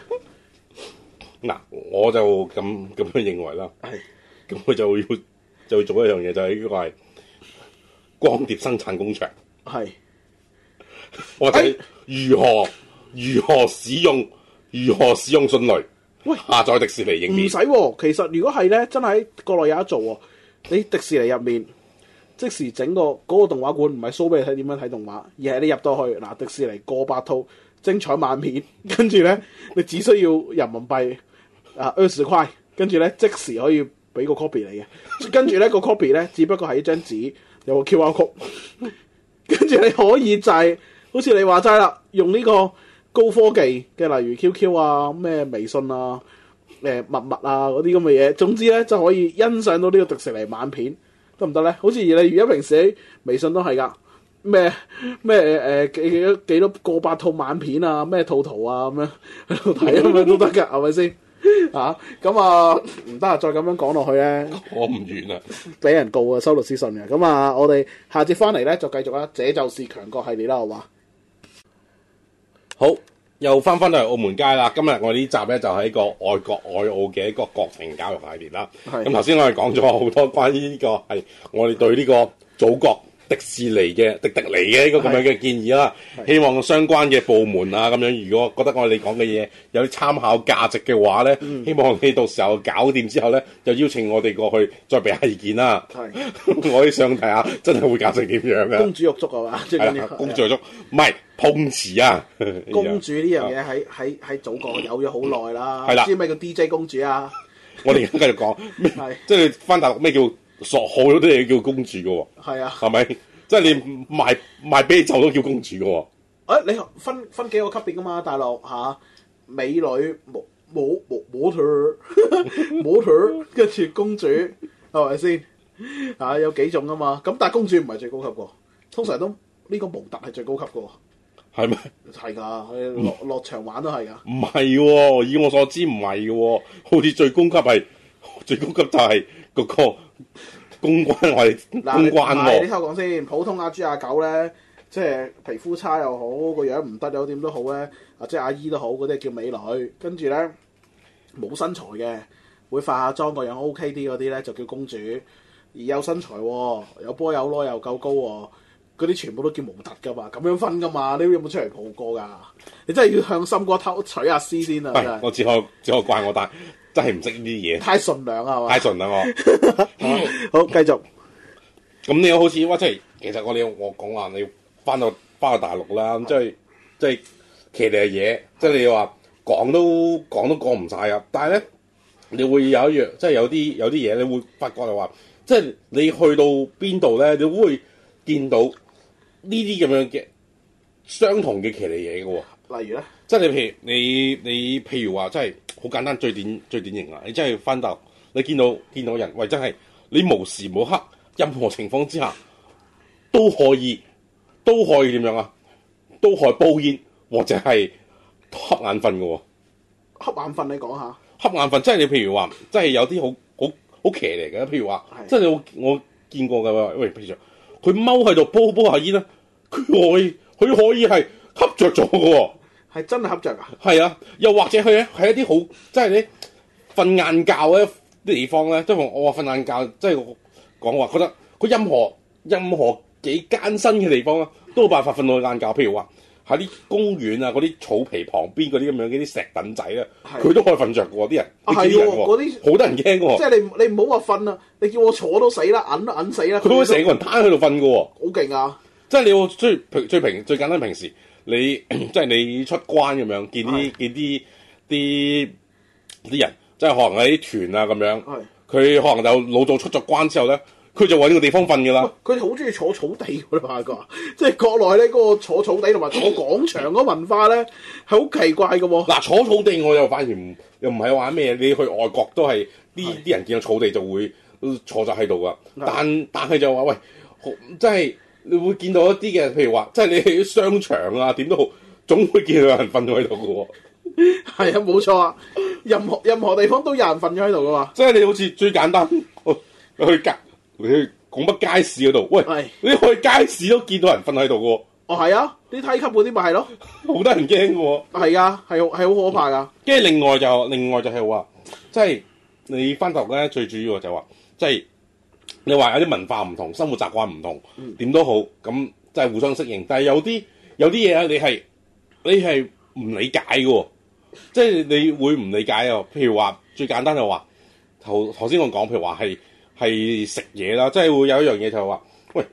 嗱 我就咁咁樣，樣認為啦。係唉。咁佢就要就要做一樣嘢，就係、是、呢個係光碟生產工場。係唉。或者如何唉如何使用如何使用迅雷？喂，下載迪士尼影片唔使喎。其實如果係咧，真係喺國內有得做喎、啊。你迪士尼入面。即時整個嗰個動畫館唔係 show 俾你睇點樣睇動畫，而係你入到去嗱迪士尼過百套精彩晚片，跟住咧你只需要人民幣啊 u r 跟住咧即時可以俾個 copy 你嘅， 跟住咧個 copy 咧只不過係一張紙有個 QR code，跟住你可以就係、是、好似你話齋啦，用呢個高科技嘅，例如 QQ 啊、咩微信啊、欸、陌陌啊嗰啲咁嘅嘢，總之咧就可以欣賞到呢個迪士尼晚片。得唔得咧？好似而你如家平時喺微信都係噶，咩咩誒幾幾多幾多個百套晚片啊，咩套圖啊咁樣喺度睇咁樣都得噶，係咪先？咁啊，唔得 對吧 啊，啊再咁樣講落去咧，我唔完啦，俾 人告啊，收律師信嘅。咁啊，我哋下次翻嚟咧，就繼續啦，這就是強國系列啦，好嘛？好。又翻返到嚟澳門街啦！今日我呢集咧就係一個愛國愛澳嘅一個國情教育系列啦。咁頭先我哋講咗好多關於呢個係我哋對呢個祖國。迪士尼嘅，迪迪尼嘅呢個咁樣嘅建議啦，希望相關嘅部門啊咁樣，如果覺得我哋講嘅嘢有啲參考價值嘅話咧，希望你到時候搞掂之後咧，就邀請我哋過去再俾下意見啦。係，我哋想睇下真係會搞成點樣。公主玉足啊嘛？最緊要公主玉足，唔係碰瓷啊！公主呢樣嘢喺喺喺祖國有咗好耐啦。係啦，知唔知咩叫 DJ 公主啊？我哋而家繼續講，即係翻大陸咩叫？索好咗啲嘢叫公主嘅喎，係啊，係咪？即、就、係、是、你賣賣啤酒都叫公主嘅喎。誒、欸，你分分幾個級別噶嘛，大佬吓、啊，美女模冇冇模特模特，跟住 公主係咪、哦、先、啊？有幾種啊嘛？咁但係公主唔係最高級嘅，通常都呢、這個模特係最高級嘅，係咪嗎？係噶，落、嗯、落場玩都係噶。唔係，以我所知唔係嘅，好似最高級係最高級就係、是。個公關係公關喎、啊，你聽我講先，普通阿、啊、豬阿狗咧，即係皮膚差又好，個樣唔得又點都好咧，啊即係阿姨都好，嗰啲叫美女，跟住咧冇身材嘅，會化下妝個樣 OK 啲嗰啲咧就叫公主，而有身材，有波有攞又夠高，嗰啲全部都叫模特噶嘛，咁樣分噶嘛，你有冇出嚟抱過噶？你真係要向心哥偷取阿詩先啊！哎、是我只可只可怪我大。真係唔識呢啲嘢，太純良係嘛？太純良喎！ 好，繼續。咁你好似話即係，其實我哋我講話，你要翻到翻到大陸啦，即係即係騎呢嘢，即係你話講都講都講唔晒啊。但係咧，你會有一樣，即係有啲有啲嘢，你會發覺就話，即係你去到邊度咧，你會見到呢啲咁樣嘅相同嘅騎呢嘢嘅喎。例如咧，即係你譬如你你譬如話即係。就是好簡單，最典最典型啊！你真係翻到你見到見到人，喂，真係你無時無刻任何情況之下都可以都可以點樣啊？都可以煲煙或者係瞌眼瞓㗎喎。瞌眼瞓，你講下。瞌眼瞓，真係你譬如話，真係有啲好好好騎嚟嘅，譬如話，即係真係我我見過嘅喎。喂，譬如佢踎喺度煲煲下煙啦，佢可以佢可以係瞌着咗㗎喎。係真係瞌著啊！係啊，又或者佢咧，係一啲好即係你瞓晏覺咧啲地方咧，即係我話瞓晏覺，即係講話覺得佢任何任何幾艱辛嘅地方啊，都冇辦法瞓到晏覺。譬如話喺啲公園啊，嗰啲草皮旁邊嗰啲咁樣嘅啲石凳仔咧，佢的都可以瞓着嘅啲人。係喎的，嗰啲好多人驚喎。即係你你唔好話瞓啊，你叫我坐都死啦，硬硬死都揞死啦。佢都成個人攤喺度瞓嘅喎。好勁啊！即係你要最，最平最平最簡單平時。你即係你出關咁樣見啲的見啲啲啲人，即係可能喺啲團啊咁樣，佢的可能就老早出咗關之後咧，佢就喺呢個地方瞓㗎啦。佢哋好中意坐草地㗎嘛，哥， 即係國內咧嗰個坐草地同埋坐廣場嘅文化咧係好奇怪㗎喎。嗱、啊，坐草地我又反而唔又唔係話咩，你去外國都係啲啲人見到草地就會坐就喺度㗎，但但係就話喂，真係。你會見到一啲嘅，譬如話，即係你喺商場啊，點都好，總會見到有人瞓咗喺度嘅喎。係啊， 冇錯啊，任何任何地方都有人瞓咗喺度㗎嘛。即係你好似最簡單， 去街，你去拱北街市嗰度，喂，是你去街市都見到人瞓喺度嘅喎。哦，係啊，啲梯級嗰啲咪係咯，好得人驚嘅喎。係啊，係係好可怕㗎。跟住另外就另外就係話，即係你翻頭咧，最主要就係話即係。你話有啲文化唔同，生活習慣唔同，點都、嗯、好，咁即係互相適應。但係有啲有啲嘢你係你係唔理解喎。即係你會唔理解啊？譬如話最簡單就話頭頭先我講，譬如話係係食嘢啦，即係會有一樣嘢就係話，喂，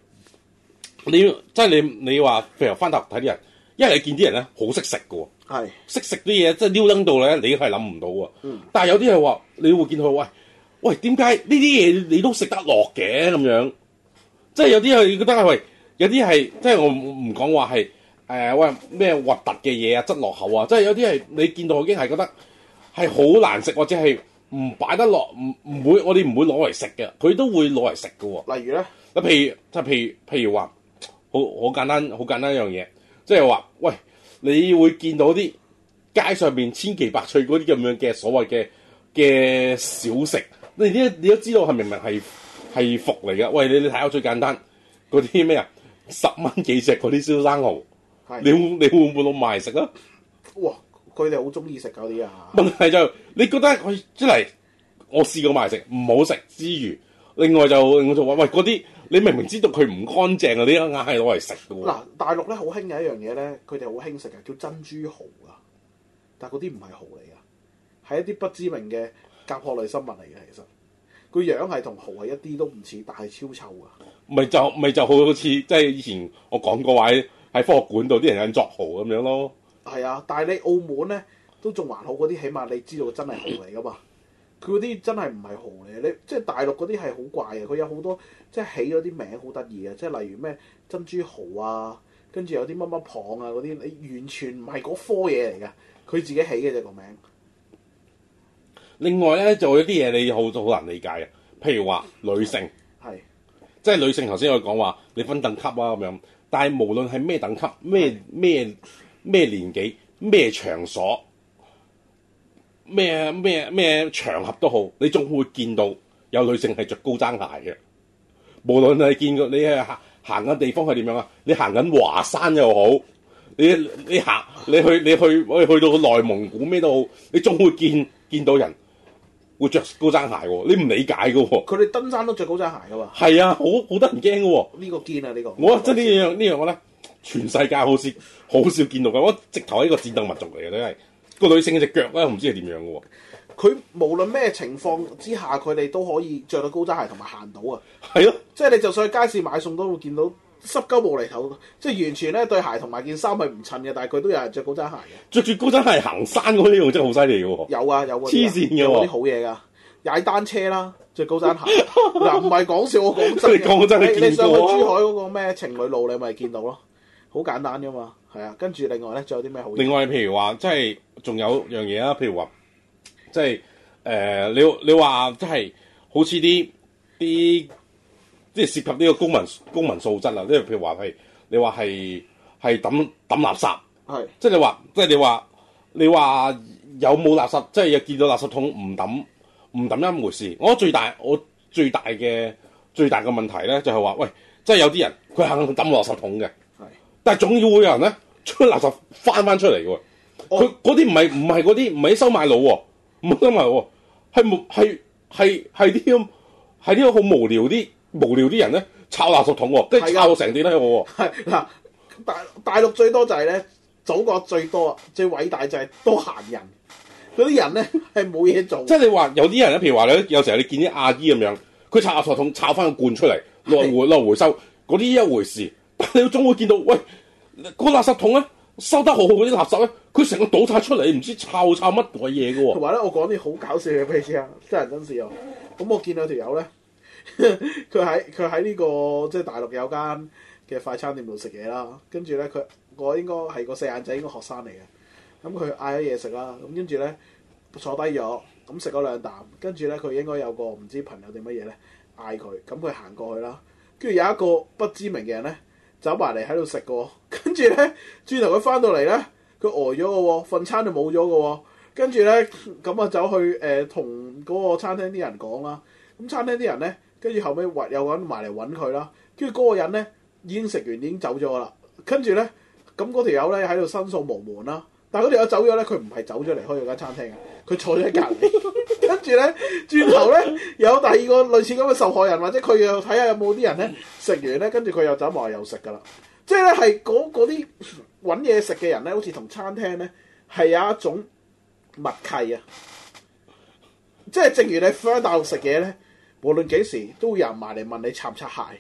你即係你你話譬如翻頭睇啲人，一你見啲人咧好識食㗎喎，係識食啲嘢，即係撩登到咧，你係諗唔到喎。嗯、但係有啲係話，你會見到喂。喂，點解呢啲嘢你都食得落嘅咁樣？即係有啲係覺得喂，有啲係即係我唔唔講話係誒喂咩核突嘅嘢啊，質落口啊！即係有啲係你見到已經係覺得係好難食，或者係唔擺得落，唔唔會我哋唔會攞嚟食嘅。佢都會攞嚟食㗎喎。例如咧，嗱，譬如譬如譬如話，好好簡單好簡單一樣嘢，即係話喂，你會見到啲街上面千奇百趣嗰啲咁樣嘅所謂嘅嘅小食。你啲你都知道係明明係係服嚟噶，喂，你你睇下最簡單嗰啲咩啊？十蚊幾隻嗰啲燒生蠔，係你會你會唔會攞埋嚟食啊？哇！佢哋好中意食嗰啲啊！問題就你覺得佢真係我試過買嚟食唔好食之餘，另外就我就話喂嗰啲你明明知道佢唔乾淨啊，你硬係攞嚟食噶喎！嗱，大陸咧好興嘅一樣嘢咧，佢哋好興食嘅叫珍珠蠔啊，但係嗰啲唔係蠔嚟啊，係一啲不知名嘅。甲殼類生物嚟嘅，其實佢樣係同蠔係一啲都唔似，但係超臭噶。咪就咪就好似即係以前我講過話喺科學館度啲人有作蠔咁樣咯。係啊，但係你澳門咧都仲還好，嗰啲起碼你知道佢真係蠔嚟噶嘛。佢嗰啲真係唔係蠔嚟，你即係、就是、大陸嗰啲係好怪嘅，佢有好多即係起咗啲名好得意嘅，即係例如咩珍珠蠔啊，跟住有啲乜乜蚌啊嗰啲，你完全唔係嗰科嘢嚟嘅，佢自己起嘅就、個名。另外咧，就有啲嘢你好都好難理解嘅，譬如話女性，係、嗯，即係女性才。頭先我講話你分等級啊咁樣，但係無論係咩等級咩咩咩年紀咩場所、咩咩咩場合都好，你總會見到有女性係着高踭鞋嘅。無論係見過你係行行緊地方係點樣啊？你行緊華山又好，你你行你去你去可去，去到內蒙古咩都好，你總會見見到人，會着高踭鞋喎，你唔理解㗎喎、哦。佢哋登山都着高踭鞋㗎喎。係啊，好好得人驚嘅喎。呢個堅啊，呢個。我真呢樣呢樣我咧，全世界好似好少見到㗎。我覺得直頭係一個戰鬥民族嚟嘅，你、就、係、是、個女性隻隻腳咧、啊，唔知係點樣㗎喎。佢無論咩情況之下，佢哋都可以着到高踭鞋同埋行到啊。係咯，即係你就算去街市買餸都會見到。濕鳩無厘頭，即係完全咧對鞋同埋件衫係唔襯嘅，但係佢都有人着高踭鞋嘅。著住高踭鞋行山嗰啲用真係好犀利喎！有啊有啊，黐線嘅喎，啲好嘢㗎，踩單車啦，着高踭鞋嗱，唔係講笑，啊、笑我講真，你真你，啊、你，你上去珠海嗰個咩情侶路，你咪見到咯，好簡單啫嘛，係啊，跟住另外咧，仲有啲咩好？另外譬如話，即係仲有樣嘢啦，譬如話，即係誒、呃、你你話即係好似啲啲。即係涉及呢個公民公民素質啦，即係譬如話係你話係係抌抌垃圾，係是即係你話即係你話你話有冇垃圾？即係又見到垃圾桶唔抌唔抌一回事。我最大我最大嘅最大嘅問題咧，就係話喂，即係有啲人佢肯抌垃圾桶嘅，係是，但係總要會有人咧將垃圾翻翻出嚟嘅喎。佢嗰啲唔係唔係嗰啲唔係收買佬喎、哦，唔收買喎，係係係係啲咁係啲好無聊啲。無聊啲人咧，抄垃圾桶喎、哦，跟住抄到成啲咧我喎、哦。係嗱、啊，大大陸最多就係、是、咧，祖國最多最偉大就係多閒人，嗰啲人咧係冇嘢做嘅。即係你話有啲人咧，譬如話你有，有時候你見啲阿姨咁樣，佢拆垃圾桶，抄翻個罐出嚟，攞回攞回收，嗰啲係一回事。但係你總會見到，喂，個垃圾桶咧收得好好嗰啲垃圾咧，佢成個倒晒出嚟，唔知抄抄乜鬼嘢嘅喎。同埋咧，我講啲好搞笑嘅例子啊，真人真事哦。咁我見到條友咧。佢喺佢喺呢個即係、就是、大陸有間嘅快餐店度食嘢啦，跟住咧佢我應該係個四眼仔，應該學生嚟嘅。咁佢嗌咗嘢食啦，咁跟住咧坐低咗，咁食咗兩啖，跟住咧佢應該有個唔知朋友定乜嘢咧嗌佢，咁佢行過去啦，跟住有一個不知名嘅人咧走埋嚟喺度食個，跟住咧轉頭佢翻到嚟咧佢呆咗個，份餐就冇咗個，跟住咧咁啊走去誒同嗰個餐廳啲人講啦，咁餐廳啲人咧。跟住後尾或有人埋嚟揾佢啦。跟住嗰個人咧已經食完，已經，已經走咗啦。跟住咧，咁嗰條友咧喺度申訴無門啦。但嗰條友走咗咧，佢唔係走咗離開咗間餐廳啊，佢坐咗喺隔離。跟住咧，轉頭咧有第二個類似咁嘅受害人，或者佢又睇下有冇啲人咧食完咧，跟住佢又走埋又食噶啦。即係咧係嗰啲揾嘢食嘅人咧，好似同餐廳咧係有一種默契啊！即係正如你翻大陸食嘢咧。無論幾時都會有人埋嚟問你擦唔擦鞋，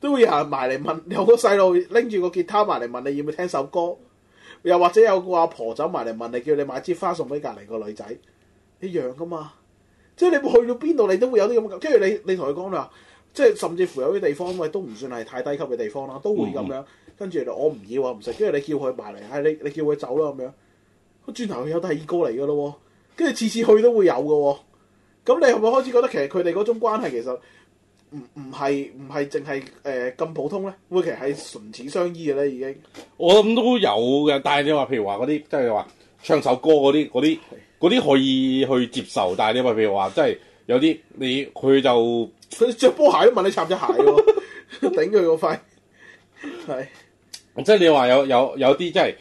都會有人埋嚟問有個細路拎住個吉他埋嚟問你要唔要聽首歌，又或者有個阿婆走埋嚟問你叫你買支花送俾隔離個女仔，一樣噶嘛，即係你去到邊度你都會有啲咁嘅，你你你跟住你你同佢講你即係甚至乎有啲地方喂都唔算係太低級嘅地方啦，都會咁樣，跟住我唔要啊唔食，跟住你叫佢埋嚟，係你你叫佢走啦咁樣，轉頭有第二個嚟噶咯，跟住次次去都會有噶。咁你係咪開始覺得其實佢哋嗰種關係其實唔唔係唔係淨係誒咁普通咧？會其實係唇齒相依嘅咧，已經我諗都有嘅。但係你話譬如話嗰啲即係話唱首歌嗰啲嗰啲嗰啲可以去接受。但係你話譬如話即係有啲你佢就佢著波鞋都問你插唔插鞋喎？ 頂佢個肺係即係你話有有有啲即係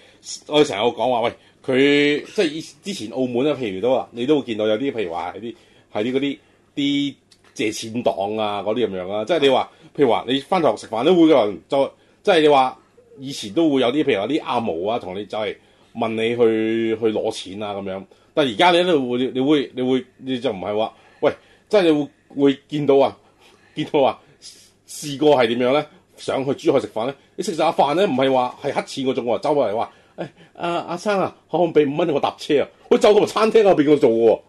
我哋成日講話喂佢即係以之前澳門呀，譬如都話你都會見到有啲譬如話啲。係啲嗰啲啲借錢黨啊，嗰啲咁樣啊，即係你話，譬如話你翻同學食飯都會嘅人，就即係你話以前都會有啲，譬如話啲阿毛啊，同你就係、是、問你去去攞錢啊咁樣。但係而家你咧會，你會，你會你就唔係話，喂，即係你會會見到啊，見到啊，試過係點樣咧？想去珠海食飯咧，你食曬飯咧，唔係話係乞錢嗰種喎，周圍嚟話，哎，阿生啊，我俾五蚊我搭車啊，我走過嚟餐廳嗰邊度做喎。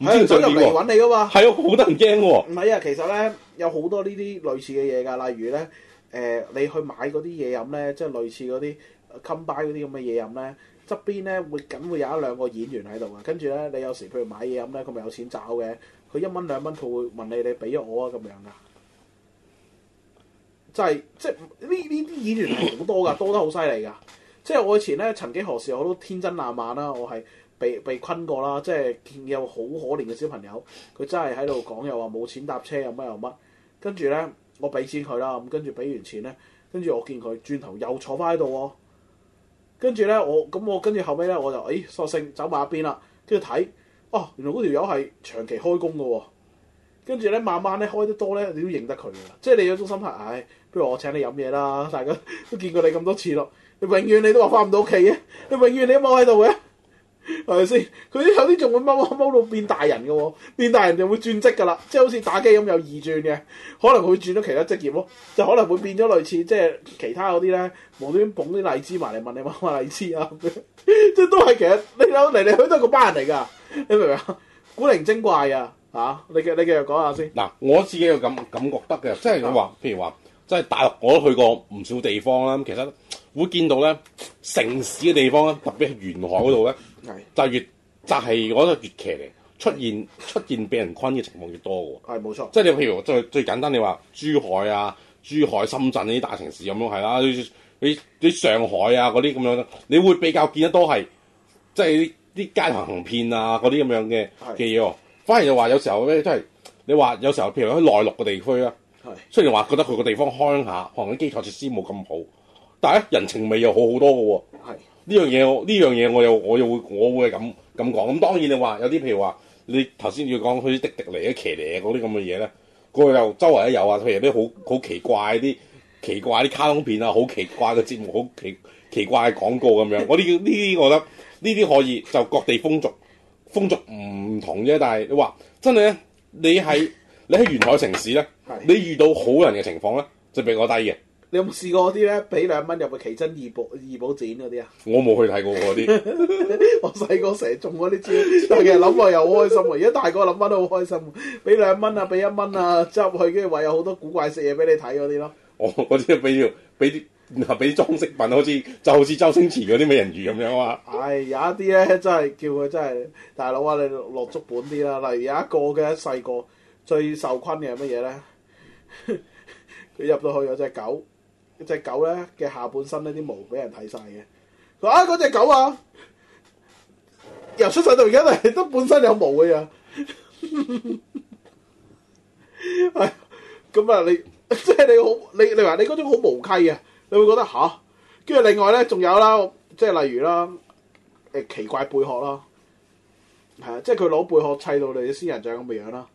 喺佢又嚟揾你噶嘛？係啊，好得人驚，唔係啊，其實咧有好多呢啲類似嘅嘢㗎，例如咧誒、呃、你去買嗰啲嘢飲咧，即係類似嗰啲 come buy 嗰啲咁嘅嘢飲咧，側邊咧會梗會有一兩個演員喺度啊，跟住咧你有時譬如買嘢飲咧，佢咪有錢找嘅，佢一蚊兩蚊佢會問你，你俾咗我啊咁樣㗎，即係即係呢呢啲演員係好多㗎，多得好犀利㗎，即係我以前咧曾經何時我都天真浪漫啦，我係。被被困過啦，即係見有好可憐嘅小朋友，佢真係喺度講，又話冇錢搭車，又乜又乜，跟住咧我俾錢佢啦，咁跟住俾完錢咧，跟住我見佢轉頭又坐翻喺度，跟住咧我咁我跟住後尾咧我就，哎，索性走埋一邊啦。跟住睇，哦，原來嗰條友係長期開工嘅，跟住咧慢慢咧開得多咧，你都認得佢嘅，即係你有種心態，唉、哎，不如我請你飲嘢啦，大家都見過你咁多次咯，你永遠你都話翻唔到屋企嘅，你永遠你都冇喺度嘅。係咪先？佢啲有啲仲會踎下踎到變大人嘅喎，哦，變大人就會轉職噶啦，即係好似打機咁有二轉嘅，可能會轉咗其他職業咯，就可能會變咗類似即係其他嗰啲咧無端端捧啲荔枝埋嚟問你買下荔枝啊？ 即係都係其實你有嚟嚟去去都係個班人嚟㗎，你明唔明啊？古靈精怪啊嚇、啊！你嘅你繼續講下先嗱，我自己有感感覺得嘅，即係我話，譬如話即係大陸，我都去過唔少地方啦，咁其實會見到咧城市嘅地方咧，特別係沿海嗰度咧。 是就係越就係我個越騎嚟出現是出現俾人坤嘅情況越多嘅喎，係冇錯。即係你譬如最最簡單，你話珠海啊、珠海、深圳呢啲大城市咁樣係啦，你你上海啊嗰啲咁樣，你會比較見得多係即係啲街頭行騙啊嗰啲咁樣嘅嘅嘢喎。是反而又話有時候咧，即係你話有時候譬如喺內陸嘅地區咧，是雖然話覺得佢個地方鄉下，可能基礎設施冇咁好，但係人情味又好好多嘅喎。呢樣嘢我呢樣嘢我又我又會我會係咁咁講，咁當然你話有啲譬如話你頭先要講嗰啲滴滴嚟嘅騎呢嗰啲咁嘅嘢咧，個又周圍都有啊，譬如啲好好奇怪啲奇怪啲卡通片啊，好奇怪嘅節目，好奇奇怪嘅廣告咁樣，我啲呢啲我覺得呢啲可以就各地風俗風俗唔同啫，但係你話真係咧，你喺你喺沿海城市咧，你遇到好人嘅情況咧，就比較低嘅。你有冇試過嗰啲咧？俾兩蚊入去奇珍異寶、異寶展嗰啲啊？我冇去睇過嗰啲，我細個成日中嗰啲招，其實諗落又好開心喎。而家大個諗翻都好開心，俾兩蚊啊，俾一蚊啊，執入去跟住話有好多古怪食嘢俾你睇嗰啲咯。我嗰啲係俾條俾啲，然後俾裝飾品好，好似就好似周星馳嗰啲美人魚咁樣啊。唉、哎，有一啲咧真係叫佢真係大佬啊！你落足本啲啦。例如有一個嘅細個最受困嘅係乜嘢咧？佢入到去有隻狗。隻狗咧嘅下半身咧，啲毛俾人睇晒嘅。啊嗰隻狗啊，由出世到而家都本身有毛嘅呀，咁 啊！你即係你好，你你話你嗰種好無稽啊！你會覺得吓，跟住另外咧仲有啦，即係例如啦，誒、呃、奇怪貝殼啦，係啊，即係佢攞貝殼砌到你啲仙人掌咁樣啦。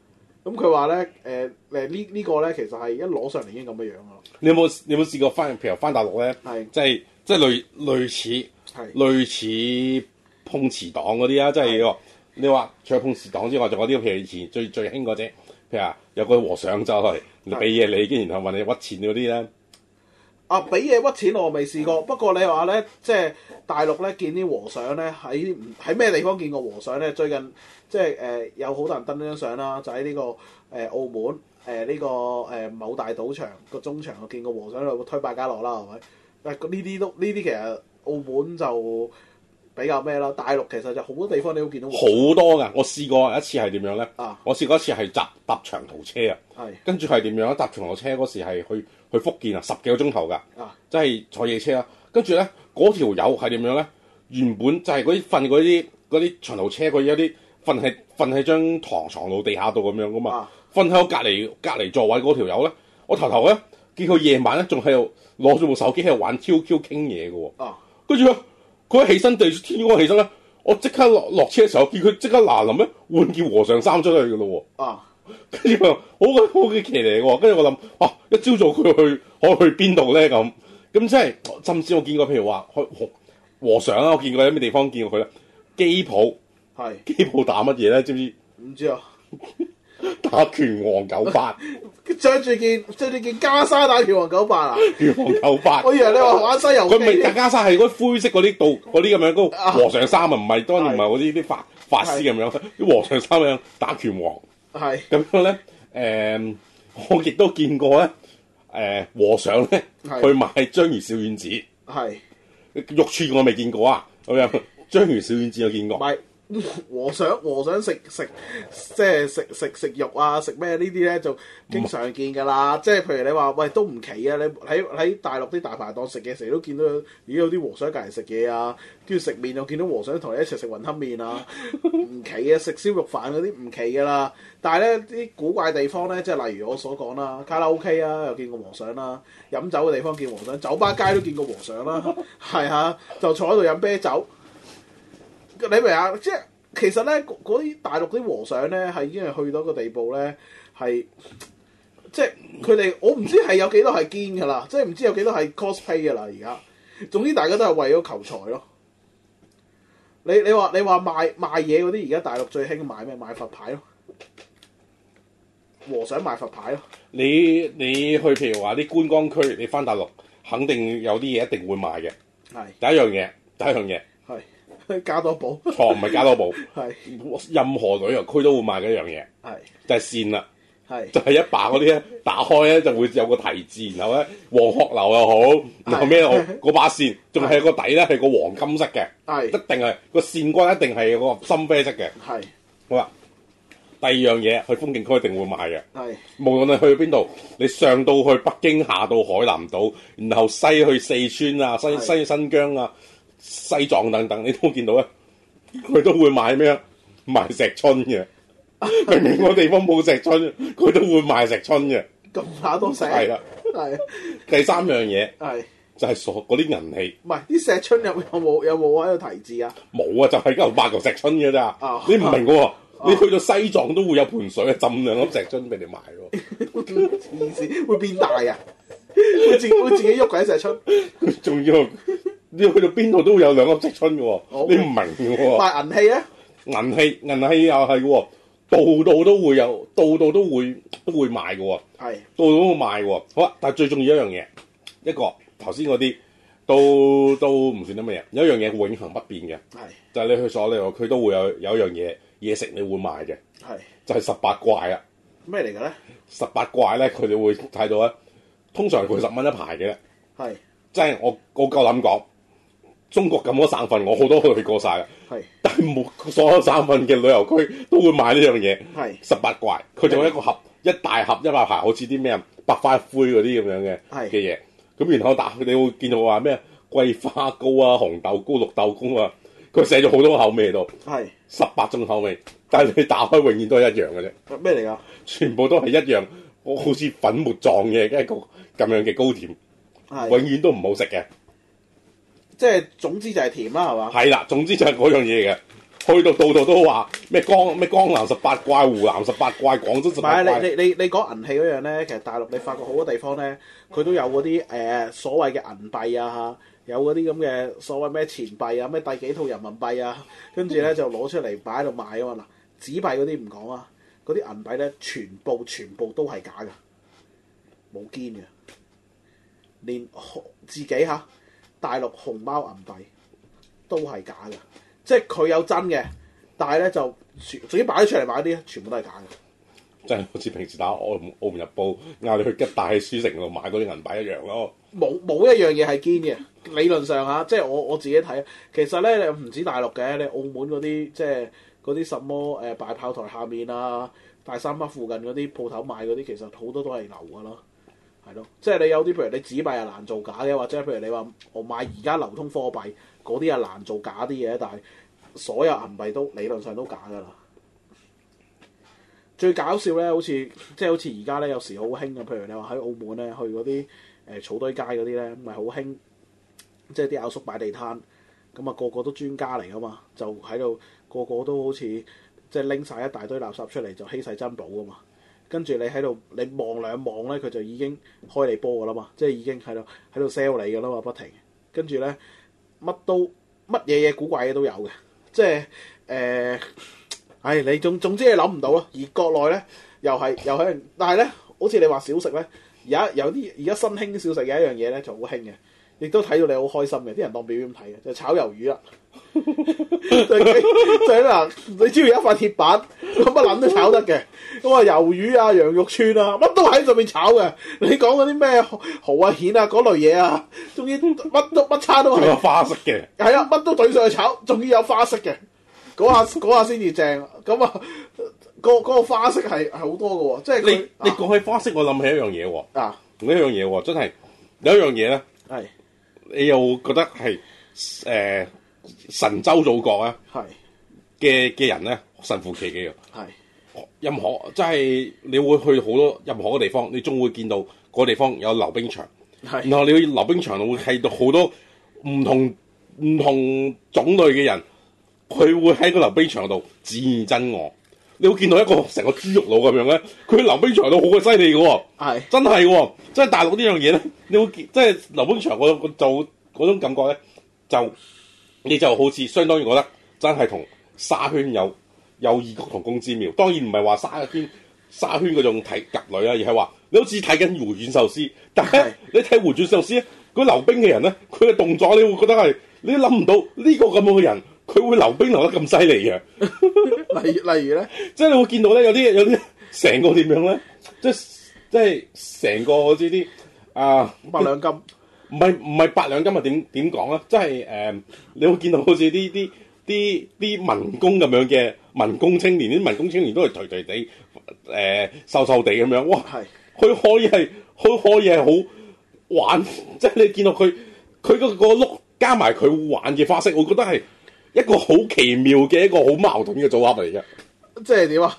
咁佢話咧，誒誒呢、呃這個、呢個咧，其實係一攞上嚟已經咁嘅樣咯。你有冇你有冇試過返？譬如返大陸咧，係即係即係類類似是類似碰瓷黨嗰啲啊！即係是你話除咗碰瓷黨之外，仲有啲譬如以前最最興嗰啲，譬如啊，如有個和尚走去俾嘢你，竟是然後問你屈錢嗰啲咧。啊！俾嘢屈錢我未試過，不過你話咧，即係大陸咧見啲和尚咧，喺喺咩地方見過和尚咧？最近即係誒有好多人登張相啦，就喺呢個誒澳門誒呢個誒某大賭場個中場見過和尚喺度推百家樂啦，係咪？呢啲都呢啲其實澳門就比較咩啦，大陸其實就好多地方你都見到。好多噶，我試過一次係點樣咧？啊！我試過一次係搭搭長途車啊，係。跟住係點樣咧？搭長途車嗰時係去。去福建啊，十幾個鐘頭噶，即係坐夜車啦。跟住咧，嗰條友係點樣咧？原本就係嗰啲瞓嗰啲嗰啲長途車嗰啲有啲瞓喺瞓喺張堂床度地下度咁樣噶嘛。瞓喺、啊、我隔離隔離座位嗰條友咧，我頭頭咧見佢夜晚咧仲喺度攞住部手機喺度玩 QQ 傾嘢嘅喎。跟住咧，佢一起身對住天光起身咧，我即刻落落車嘅時候見佢即刻嗱臨咧換件和尚衫出去嘅咯喎。啊！跟住 佢，好鬼好嘅奇嚟喎！跟住我諗，哇！一朝早佢去，可以去邊度咧？咁咁真係，甚至我見過？譬如話，去和尚啊，我見過喺咩地方見過佢咧？機鋪係是機鋪打乜嘢咧？知唔知道？唔知啊！ 打拳王九八 着住件著住件袈裟打拳王九八啊！拳王九八，我以為你話玩西遊佢咪著袈裟？係嗰 灰色嗰啲道嗰啲咁樣嗰個和尚衫啊，唔係當然唔係嗰啲啲法是法師咁樣，啲是和尚衫咁樣打拳王。係咁是樣咧，誒、呃，我亦都見過咧，誒、呃，和尚咧是去買章魚小丸子，係肉是串我未見過啊，咁樣 章魚小丸子我見過。和尚和尚食食即係食食食，食肉啊食咩呢啲咧就經常見㗎啦，即係譬如你話喂都唔奇啊！你喺喺大陸啲大排檔食嘢成日都見到，有啲和尚隔籬食嘢啊，跟住食麵又見到和尚同你一齊食雲吞麵啊，唔奇啊 食燒肉飯嗰啲唔奇㗎啦。但係咧啲古怪地方咧，即係例如我所講啦，卡拉 OK 啊又見過和尚啦、啊，飲酒嘅地方見和尚，酒吧街都見過和尚啦、啊，係啊，就坐喺度飲啤酒。你明啊？即係其實咧，嗰啲大陸啲和尚咧，係已經係去到一個地步咧，係即係佢哋，我唔知係有幾多係堅㗎喇，即係唔知有幾多係 cosplay 㗎喇。而家總之大家都係為咗求財咯。你你話你話賣賣嘢嗰啲，而家大陸最興買咩？買佛牌咯，和尚賣佛牌咯。你你去譬如話啲觀光區，你返大陸肯定有啲嘢一定會賣嘅。係是第一樣嘢，第一樣嘢。加多寶？錯，唔係加多寶。任何旅遊區都會賣嘅一樣嘢，係就係線啦。係，就係一把嗰啲咧，打開咧就會有個題字，然後咧黃鶴樓又好，然後咩好嗰把線，仲係個底咧係個黃金色嘅，係一定係個線骨一定係個深啡色嘅。係，好啦，第二樣嘢去風景區一定會賣嘅。係，無論你去邊度，你上到去北京，下到海南島，然後西去四川啊，西西新疆啊。西藏等等，你都見到啊？佢都會買咩啊？買石春嘅，明明個地方冇石春，佢都會買石春嘅。咁乸多石？係啦的，係的。第三樣嘢係的就係傻嗰啲銀器。唔係啲石春入有冇有冇喺度提字啊？冇啊，就係一嚿白嚿石春嘅咋。哦、你唔明嘅喎，哦、你去到西藏都會有盆水浸兩粒石春俾你賣咯。 意思會變大啊？會自會自己喐緊石春，仲要。你去到邊度都會有兩粒積春嘅喎、哦，Okay. 你唔明嘅喎、哦。賣銀器咧，銀器銀器又係嘅喎，度度都會有，度度都會都會賣嘅喎。係的，度度都會賣嘅喎。好啊，但係最重要的一樣嘢，一個頭先嗰啲，到到唔算得乜嘢。有一樣嘢永恆不變嘅，係的就係你去左你佢都會有有一樣嘢嘢食，你會買嘅，係的就係十八怪啊！咩嚟嘅咧？十八怪咧，佢哋會睇到咧，通常佢十蚊一排嘅啦，係即係我我夠膽講。中國咁多省份，我好多都去過曬嘅，是但係每所有省份嘅旅遊區都會賣呢樣嘢，十八是怪，佢仲有一個盒，麼一大盒一百排，好似啲咩白花灰嗰啲咁樣嘅嘅嘢，咁是然後打，你會見到話咩桂花糕啊、紅豆糕、綠豆糕啊，佢寫咗好多口味喺度，係十八種口味，但係你打開永遠都係一樣嘅啫。咩嚟㗎？全部都係一樣，我好似粉末狀嘅一個咁樣嘅糕點，是永遠都唔好食嘅。即係總之就係甜啦，係嘛？係啦，總之就係嗰樣嘢嘅。去到度度都話咩江咩江南十八怪、湖南十八怪、廣州十八怪。你你你講銀器嗰樣咧，其實大陸你發覺好多地方咧，佢都有嗰啲誒所謂嘅銀幣啊，有嗰啲咁嘅所謂咩錢幣啊，咩第幾套人民幣啊，跟住咧就攞出嚟擺喺度賣啊嘛嗱，紙幣嗰啲唔講啊，嗰啲銀幣咧全部全部都係假㗎，冇堅嘅，連自己吓。大陸熊貓銀幣都係假嘅，即係佢有真嘅，但係咧就，仲要擺啲出嚟買啲咧，全部都係假嘅。真係好似平時打澳澳門日報嗌你去吉大書城度買嗰啲銀幣一樣咯。冇冇一樣嘢係堅嘅，理論上吓，即係我我自己睇，其實咧你唔止大陸嘅，你澳門嗰啲即係嗰啲什麼誒大、呃、炮台下面啊、大三巴附近嗰啲鋪頭賣嗰啲，其實好多都係流嘅咯。係咯，即係你有啲譬如你紙幣係難做假嘅，或者譬如你話我買而家流通貨幣嗰啲係難做假啲嘢，但係所有銀幣都理論上都假㗎啦。最搞笑咧，好似即係好似而家咧有時好興嘅，譬如你話喺澳門咧去嗰啲、呃、草堆街嗰啲咧，唔係好興，即係啲阿叔擺地攤，咁、那、啊個個都專家嚟㗎嘛，就喺度個個都好似即係拎晒一大堆垃圾出嚟就稀世珍寶㗎嘛。跟住你喺度，你望兩望咧，佢就已經開你波噶啦嘛，即係已經喺度喺度 sell 你噶啦嘛，不停。跟住咧，乜都乜嘢嘢古怪嘢都有嘅，即係誒、呃，唉你總總之你諗唔到啊！而國內咧又係又係，但係咧好似你話小食咧，而家有啲而家新興小食有一樣嘢咧就好興嘅。亦都睇到你好開心嘅，啲人當表演咁睇嘅，就係炒魷魚啦。就係啦，你只要有一塊鐵板，咁乜撚都炒得嘅。咁啊，魷魚啊、羊肉串啊，乜都喺上面炒嘅。你講嗰啲咩蠔啊、蜆啊嗰類嘢啊，仲要乜都乜叉都係有花式嘅。係啊，乜都懟上去炒，仲要有花式嘅。嗰下嗰下先至正。咁啊，嗰嗰個花式係係好多嘅，即係你你講起花式，啊，我諗起一樣嘢喎。啊，同一樣嘢喎，真係有一樣嘢咧。係。你又覺得係誒、呃、神州祖國啊係嘅嘅人咧，神乎其技啊！係是任何即係你會去好多任何嘅地方，你總會見到個地方有溜冰場係是然後你去溜冰場會睇到好多唔同唔同種類嘅人，佢會喺個溜冰場度展現真我。你會見到一個成個豬肉佬咁樣咧，佢溜冰場都好鬼犀利嘅喎，係真係喎，即係大陸呢樣嘢咧，你會見即係溜冰場，我就嗰種感覺咧，就你就好似相當於覺得真係同沙圈有有異曲同工之妙。當然唔係話沙圈沙圈嗰種睇格女啊，而係話你好似睇緊回轉壽司，但係的你睇回轉壽司，佢溜冰嘅人咧，佢嘅動作你會覺得係你諗唔到呢個咁樣嘅人。佢會溜冰溜得咁犀利嘅，例例如咧，即係你會見到咧，有啲有啲成個點樣咧，即係即係成個好似啲啊八兩金，唔係唔係八兩金啊？點點講咧？即係誒，你會見到好似啲啲啲啲民工咁樣嘅民工青年，啲民工青年都係攰攰地，誒瘦瘦地咁樣，哇！係，佢可以係佢可以係好玩，即係你見到佢佢個個碌加埋佢玩嘅花式，我覺得係，一個好奇妙嘅一個好矛盾嘅組合嚟嘅，即係點啊？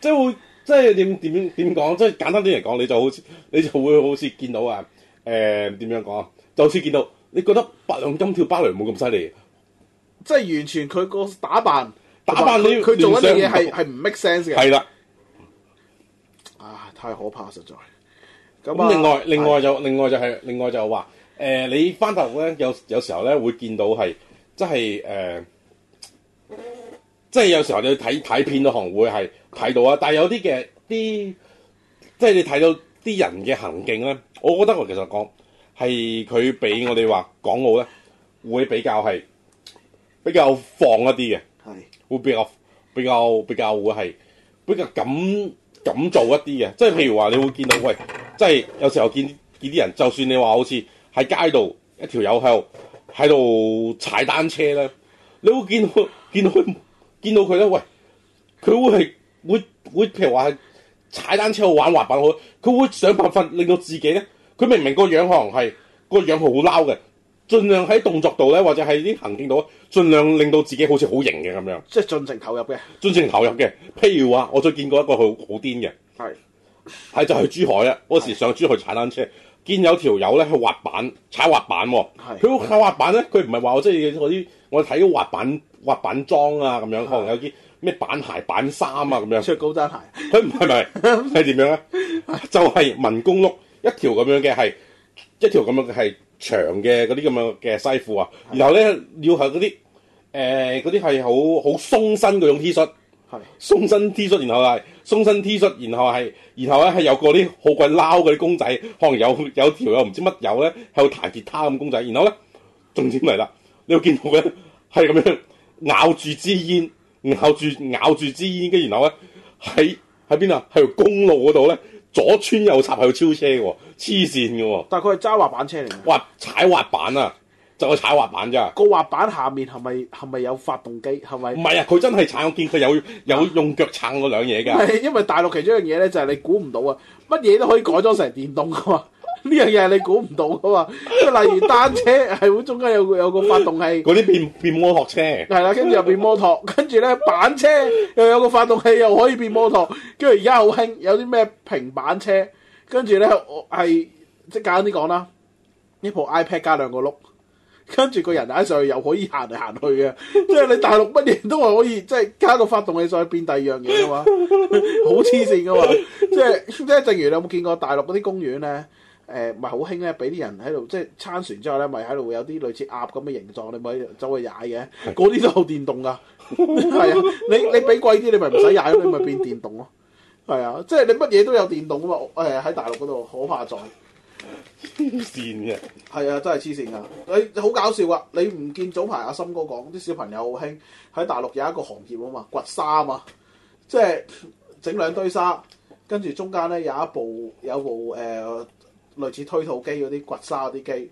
即係會，即係點點點講？即係簡單啲嚟講，你就好似你就會好似見到啊？誒、呃、點樣講啊？就好似見到你覺得白龍金跳芭蕾舞冇咁犀利，即係完全佢個打扮打扮啲，佢做一樣嘢係係唔 make sense 嘅。係啦的，啊太可怕了，實在咁、啊、另外另外就是哎、呀另外就係、是、另外就話、是、誒、就是呃，你翻大陸咧有有時候咧會見到係。即係誒、呃，即係有時候你睇睇片都可能會係睇到啊！但係有啲嘅啲，即係你睇到啲人嘅行徑咧，我覺得我其實講係佢俾我哋話港澳咧，會比較係比較放一啲嘅，的會比較比較比較會係比較敢敢做一啲嘅。即係譬如話，你會見到喂，即係有時候見見啲人，就算你話好似喺街度一條友喺度。喺度踩單車咧，你會見到見到佢見到佢咧，喂，佢會係會會譬如話係踩單車好玩滑板好，佢會想辦法令到自己咧，佢明明個樣可能係個樣好撈嘅，盡量喺動作度咧或者係啲行徑度，盡量令到自己好似好型嘅咁樣。即係盡情投入嘅，盡情投入嘅。譬如話，我再見過一個佢好癲嘅，係係是就去珠海啊！嗰時上珠海踩單車。見有條友咧去滑板，踩滑板喎、哦。佢個踩滑板咧，佢唔係話我即係嗰啲，我睇滑板滑板裝啊咁樣。啊、可能有啲咩板鞋、板衫啊咁樣。穿高踭鞋。佢唔係咪？係係點樣咧？啊、就係民工屋，一條咁樣嘅係一條咁樣嘅係長嘅嗰啲咁樣嘅西褲啊。啊、然後咧要係嗰啲誒嗰啲係好好鬆身嗰種 T 恤，啊、鬆身 T 恤，然後係。中身 T 恤，然後係，然後咧係有個啲好鬼撈嘅啲公仔，可能有有條又唔知乜友咧喺度彈吉他咁公仔，然後咧重點嚟啦？你會見到佢，係咁樣咬住支煙，咬住煙咬住支煙，跟住然後咧喺喺邊啊？喺公路嗰度咧左穿右插喺度超車喎、哦，黐線嘅喎。但係佢係揸滑板車嚟㗎。哇！踩滑板啊！就去踩滑板咋？個滑板下面係咪係咪有發動機？係咪？唔係啊！佢真係踩，我見佢有有用腳撐嗰兩嘢㗎。係 因為大陸其中一樣嘢咧，就係、是、你估唔到啊！乜嘢都可以改裝成電動噶嘛？呢樣嘢係你估唔到噶嘛？即係例如單車係會中間有有個發動器，嗰啲變變摩托車。係啦，跟住又變摩托，跟住咧板車又有個發動器，又可以變摩托。跟住而家好興有啲咩平板車，跟住咧我係即係簡單啲講啦，呢部 iPad 加兩個轆。跟住個人踩上去又可以行嚟行去嘅，即係你大陸乜嘢都係可以，即係加到發動器上去變第二樣嘢啊嘛，好黐線噶嘛，即係即係正如你有冇見過大陸嗰啲公園咧？誒，唔係好興咧，俾啲人喺度即係撐船之後咧，咪喺度會有啲類似鴨咁嘅形狀，你咪走去踩嘅，嗰啲都好電動噶，係啊，你你俾貴啲，你咪唔使踩，你咪變電動咯，係啊，即係你乜嘢都有電動啊嘛，誒喺大陸嗰度可怕在。黐線嘅，係啊，真係黐線噶！你好搞笑啊！你唔見早排阿森哥講啲小朋友好興喺大陸有一個行業啊嘛，掘沙啊嘛，即係整兩堆沙，跟住中間咧有一部有一部誒、呃、類似推土機嗰啲掘沙啲機，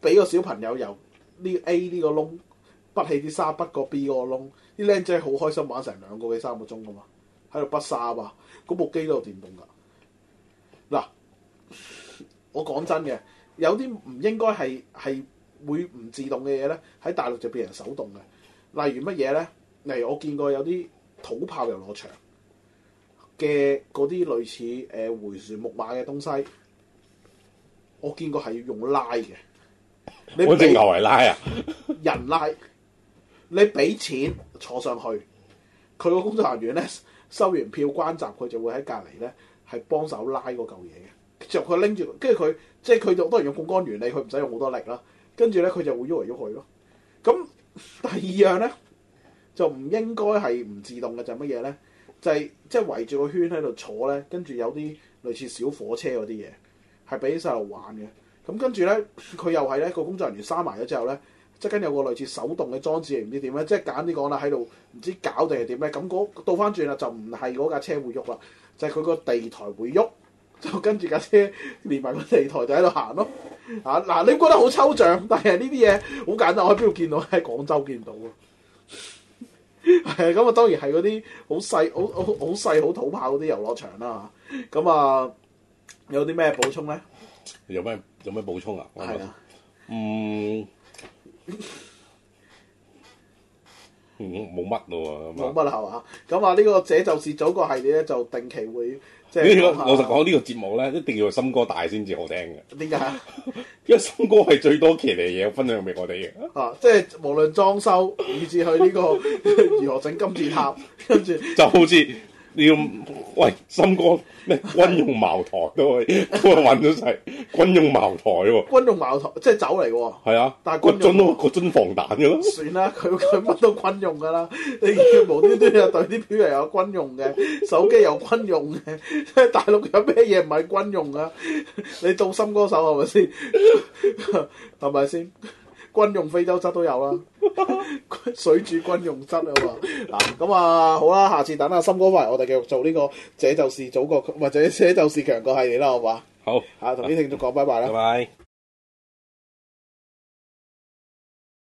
俾個小朋友由呢 A 呢個窿，篤起啲沙，篤過 B 嗰個窿，啲靚仔好開心玩成兩個幾三個鐘啊嘛，喺度篤沙啊嘛，嗰部機都有電動噶，嗱。我講真嘅，有啲唔應該係係會唔自動嘅嘢咧，喺大陸就變成手動嘅。例如乜嘢咧？例如我見過有啲土炮遊樂場嘅嗰啲類似誒迴旋木馬嘅東西，我見過係要用拉嘅。你嗰隻牛嚟拉啊！人拉，你俾錢坐上去，佢個工作人員咧收完票關閘，佢就會喺隔籬咧係幫手拉嗰嚿嘢嘅。就佢拎住，跟住佢即係佢用都係用槓桿原理，佢唔使用好多力啦。跟住咧，佢就會喐嚟喐去咯。咁第二樣咧就唔應該係唔自動嘅，就係乜嘢咧？就係即係圍住個圈喺度坐咧，跟住有啲類似小火車嗰啲嘢，係俾細路喺度玩嘅。咁跟住咧，佢又係咧個工作人員閂埋咗之後咧，即係跟有個類似手動嘅裝置，唔知點咧，即係簡單啲講啦，喺度唔知搞定係點咧。咁倒翻轉啦，就唔係嗰架車會喐啦，就係佢個地台會喐。就跟住架車連埋個地台就喺度行咯，啊嗱，你覺得好抽象，但係呢啲嘢好簡單，我喺邊度見到？喺廣州見到啊，係咁啊，當然係嗰啲好細、好好好細、好土炮嗰啲遊樂場啦、啊。咁啊，有啲咩補充咧？有咩有咩補充啊？係啦、啊嗯，嗯，嗯冇乜咯喎，冇乜係嘛？咁啊，呢個《這、啊嗯、就是祖國》系列咧，就定期會。老實講，這個、節呢個節目咧，一定要森哥大先至好聽嘅。點解？因為森哥係最多騎呢嘅嘢分享俾我哋嘅。哦、啊，即係無論裝修，以至去呢、這個 如何整金字塔，跟住就好似。 你要喂森哥咩，軍用茅台都係都係揾咗曬軍用茅台喎，軍用茅台即係酒嚟喎。係啊，啊但係軍樽咯，個樽防彈嘅咯。算啦，佢佢乜都軍用㗎啦。你無端端又對啲表又有軍用嘅 手機又有軍用嘅，即係大陸有咩嘢唔係軍用啊？你做森哥手係咪先？係咪先？軍用非洲質都有啦， 水煮軍用質好好 啊嘛，嗱咁啊好啦，下次等阿森哥返嚟，我哋繼續做呢、這個，這就是祖國或者這就是強國系列啦，好嘛？好同啲、啊、聽眾講、嗯、拜拜啦，拜拜。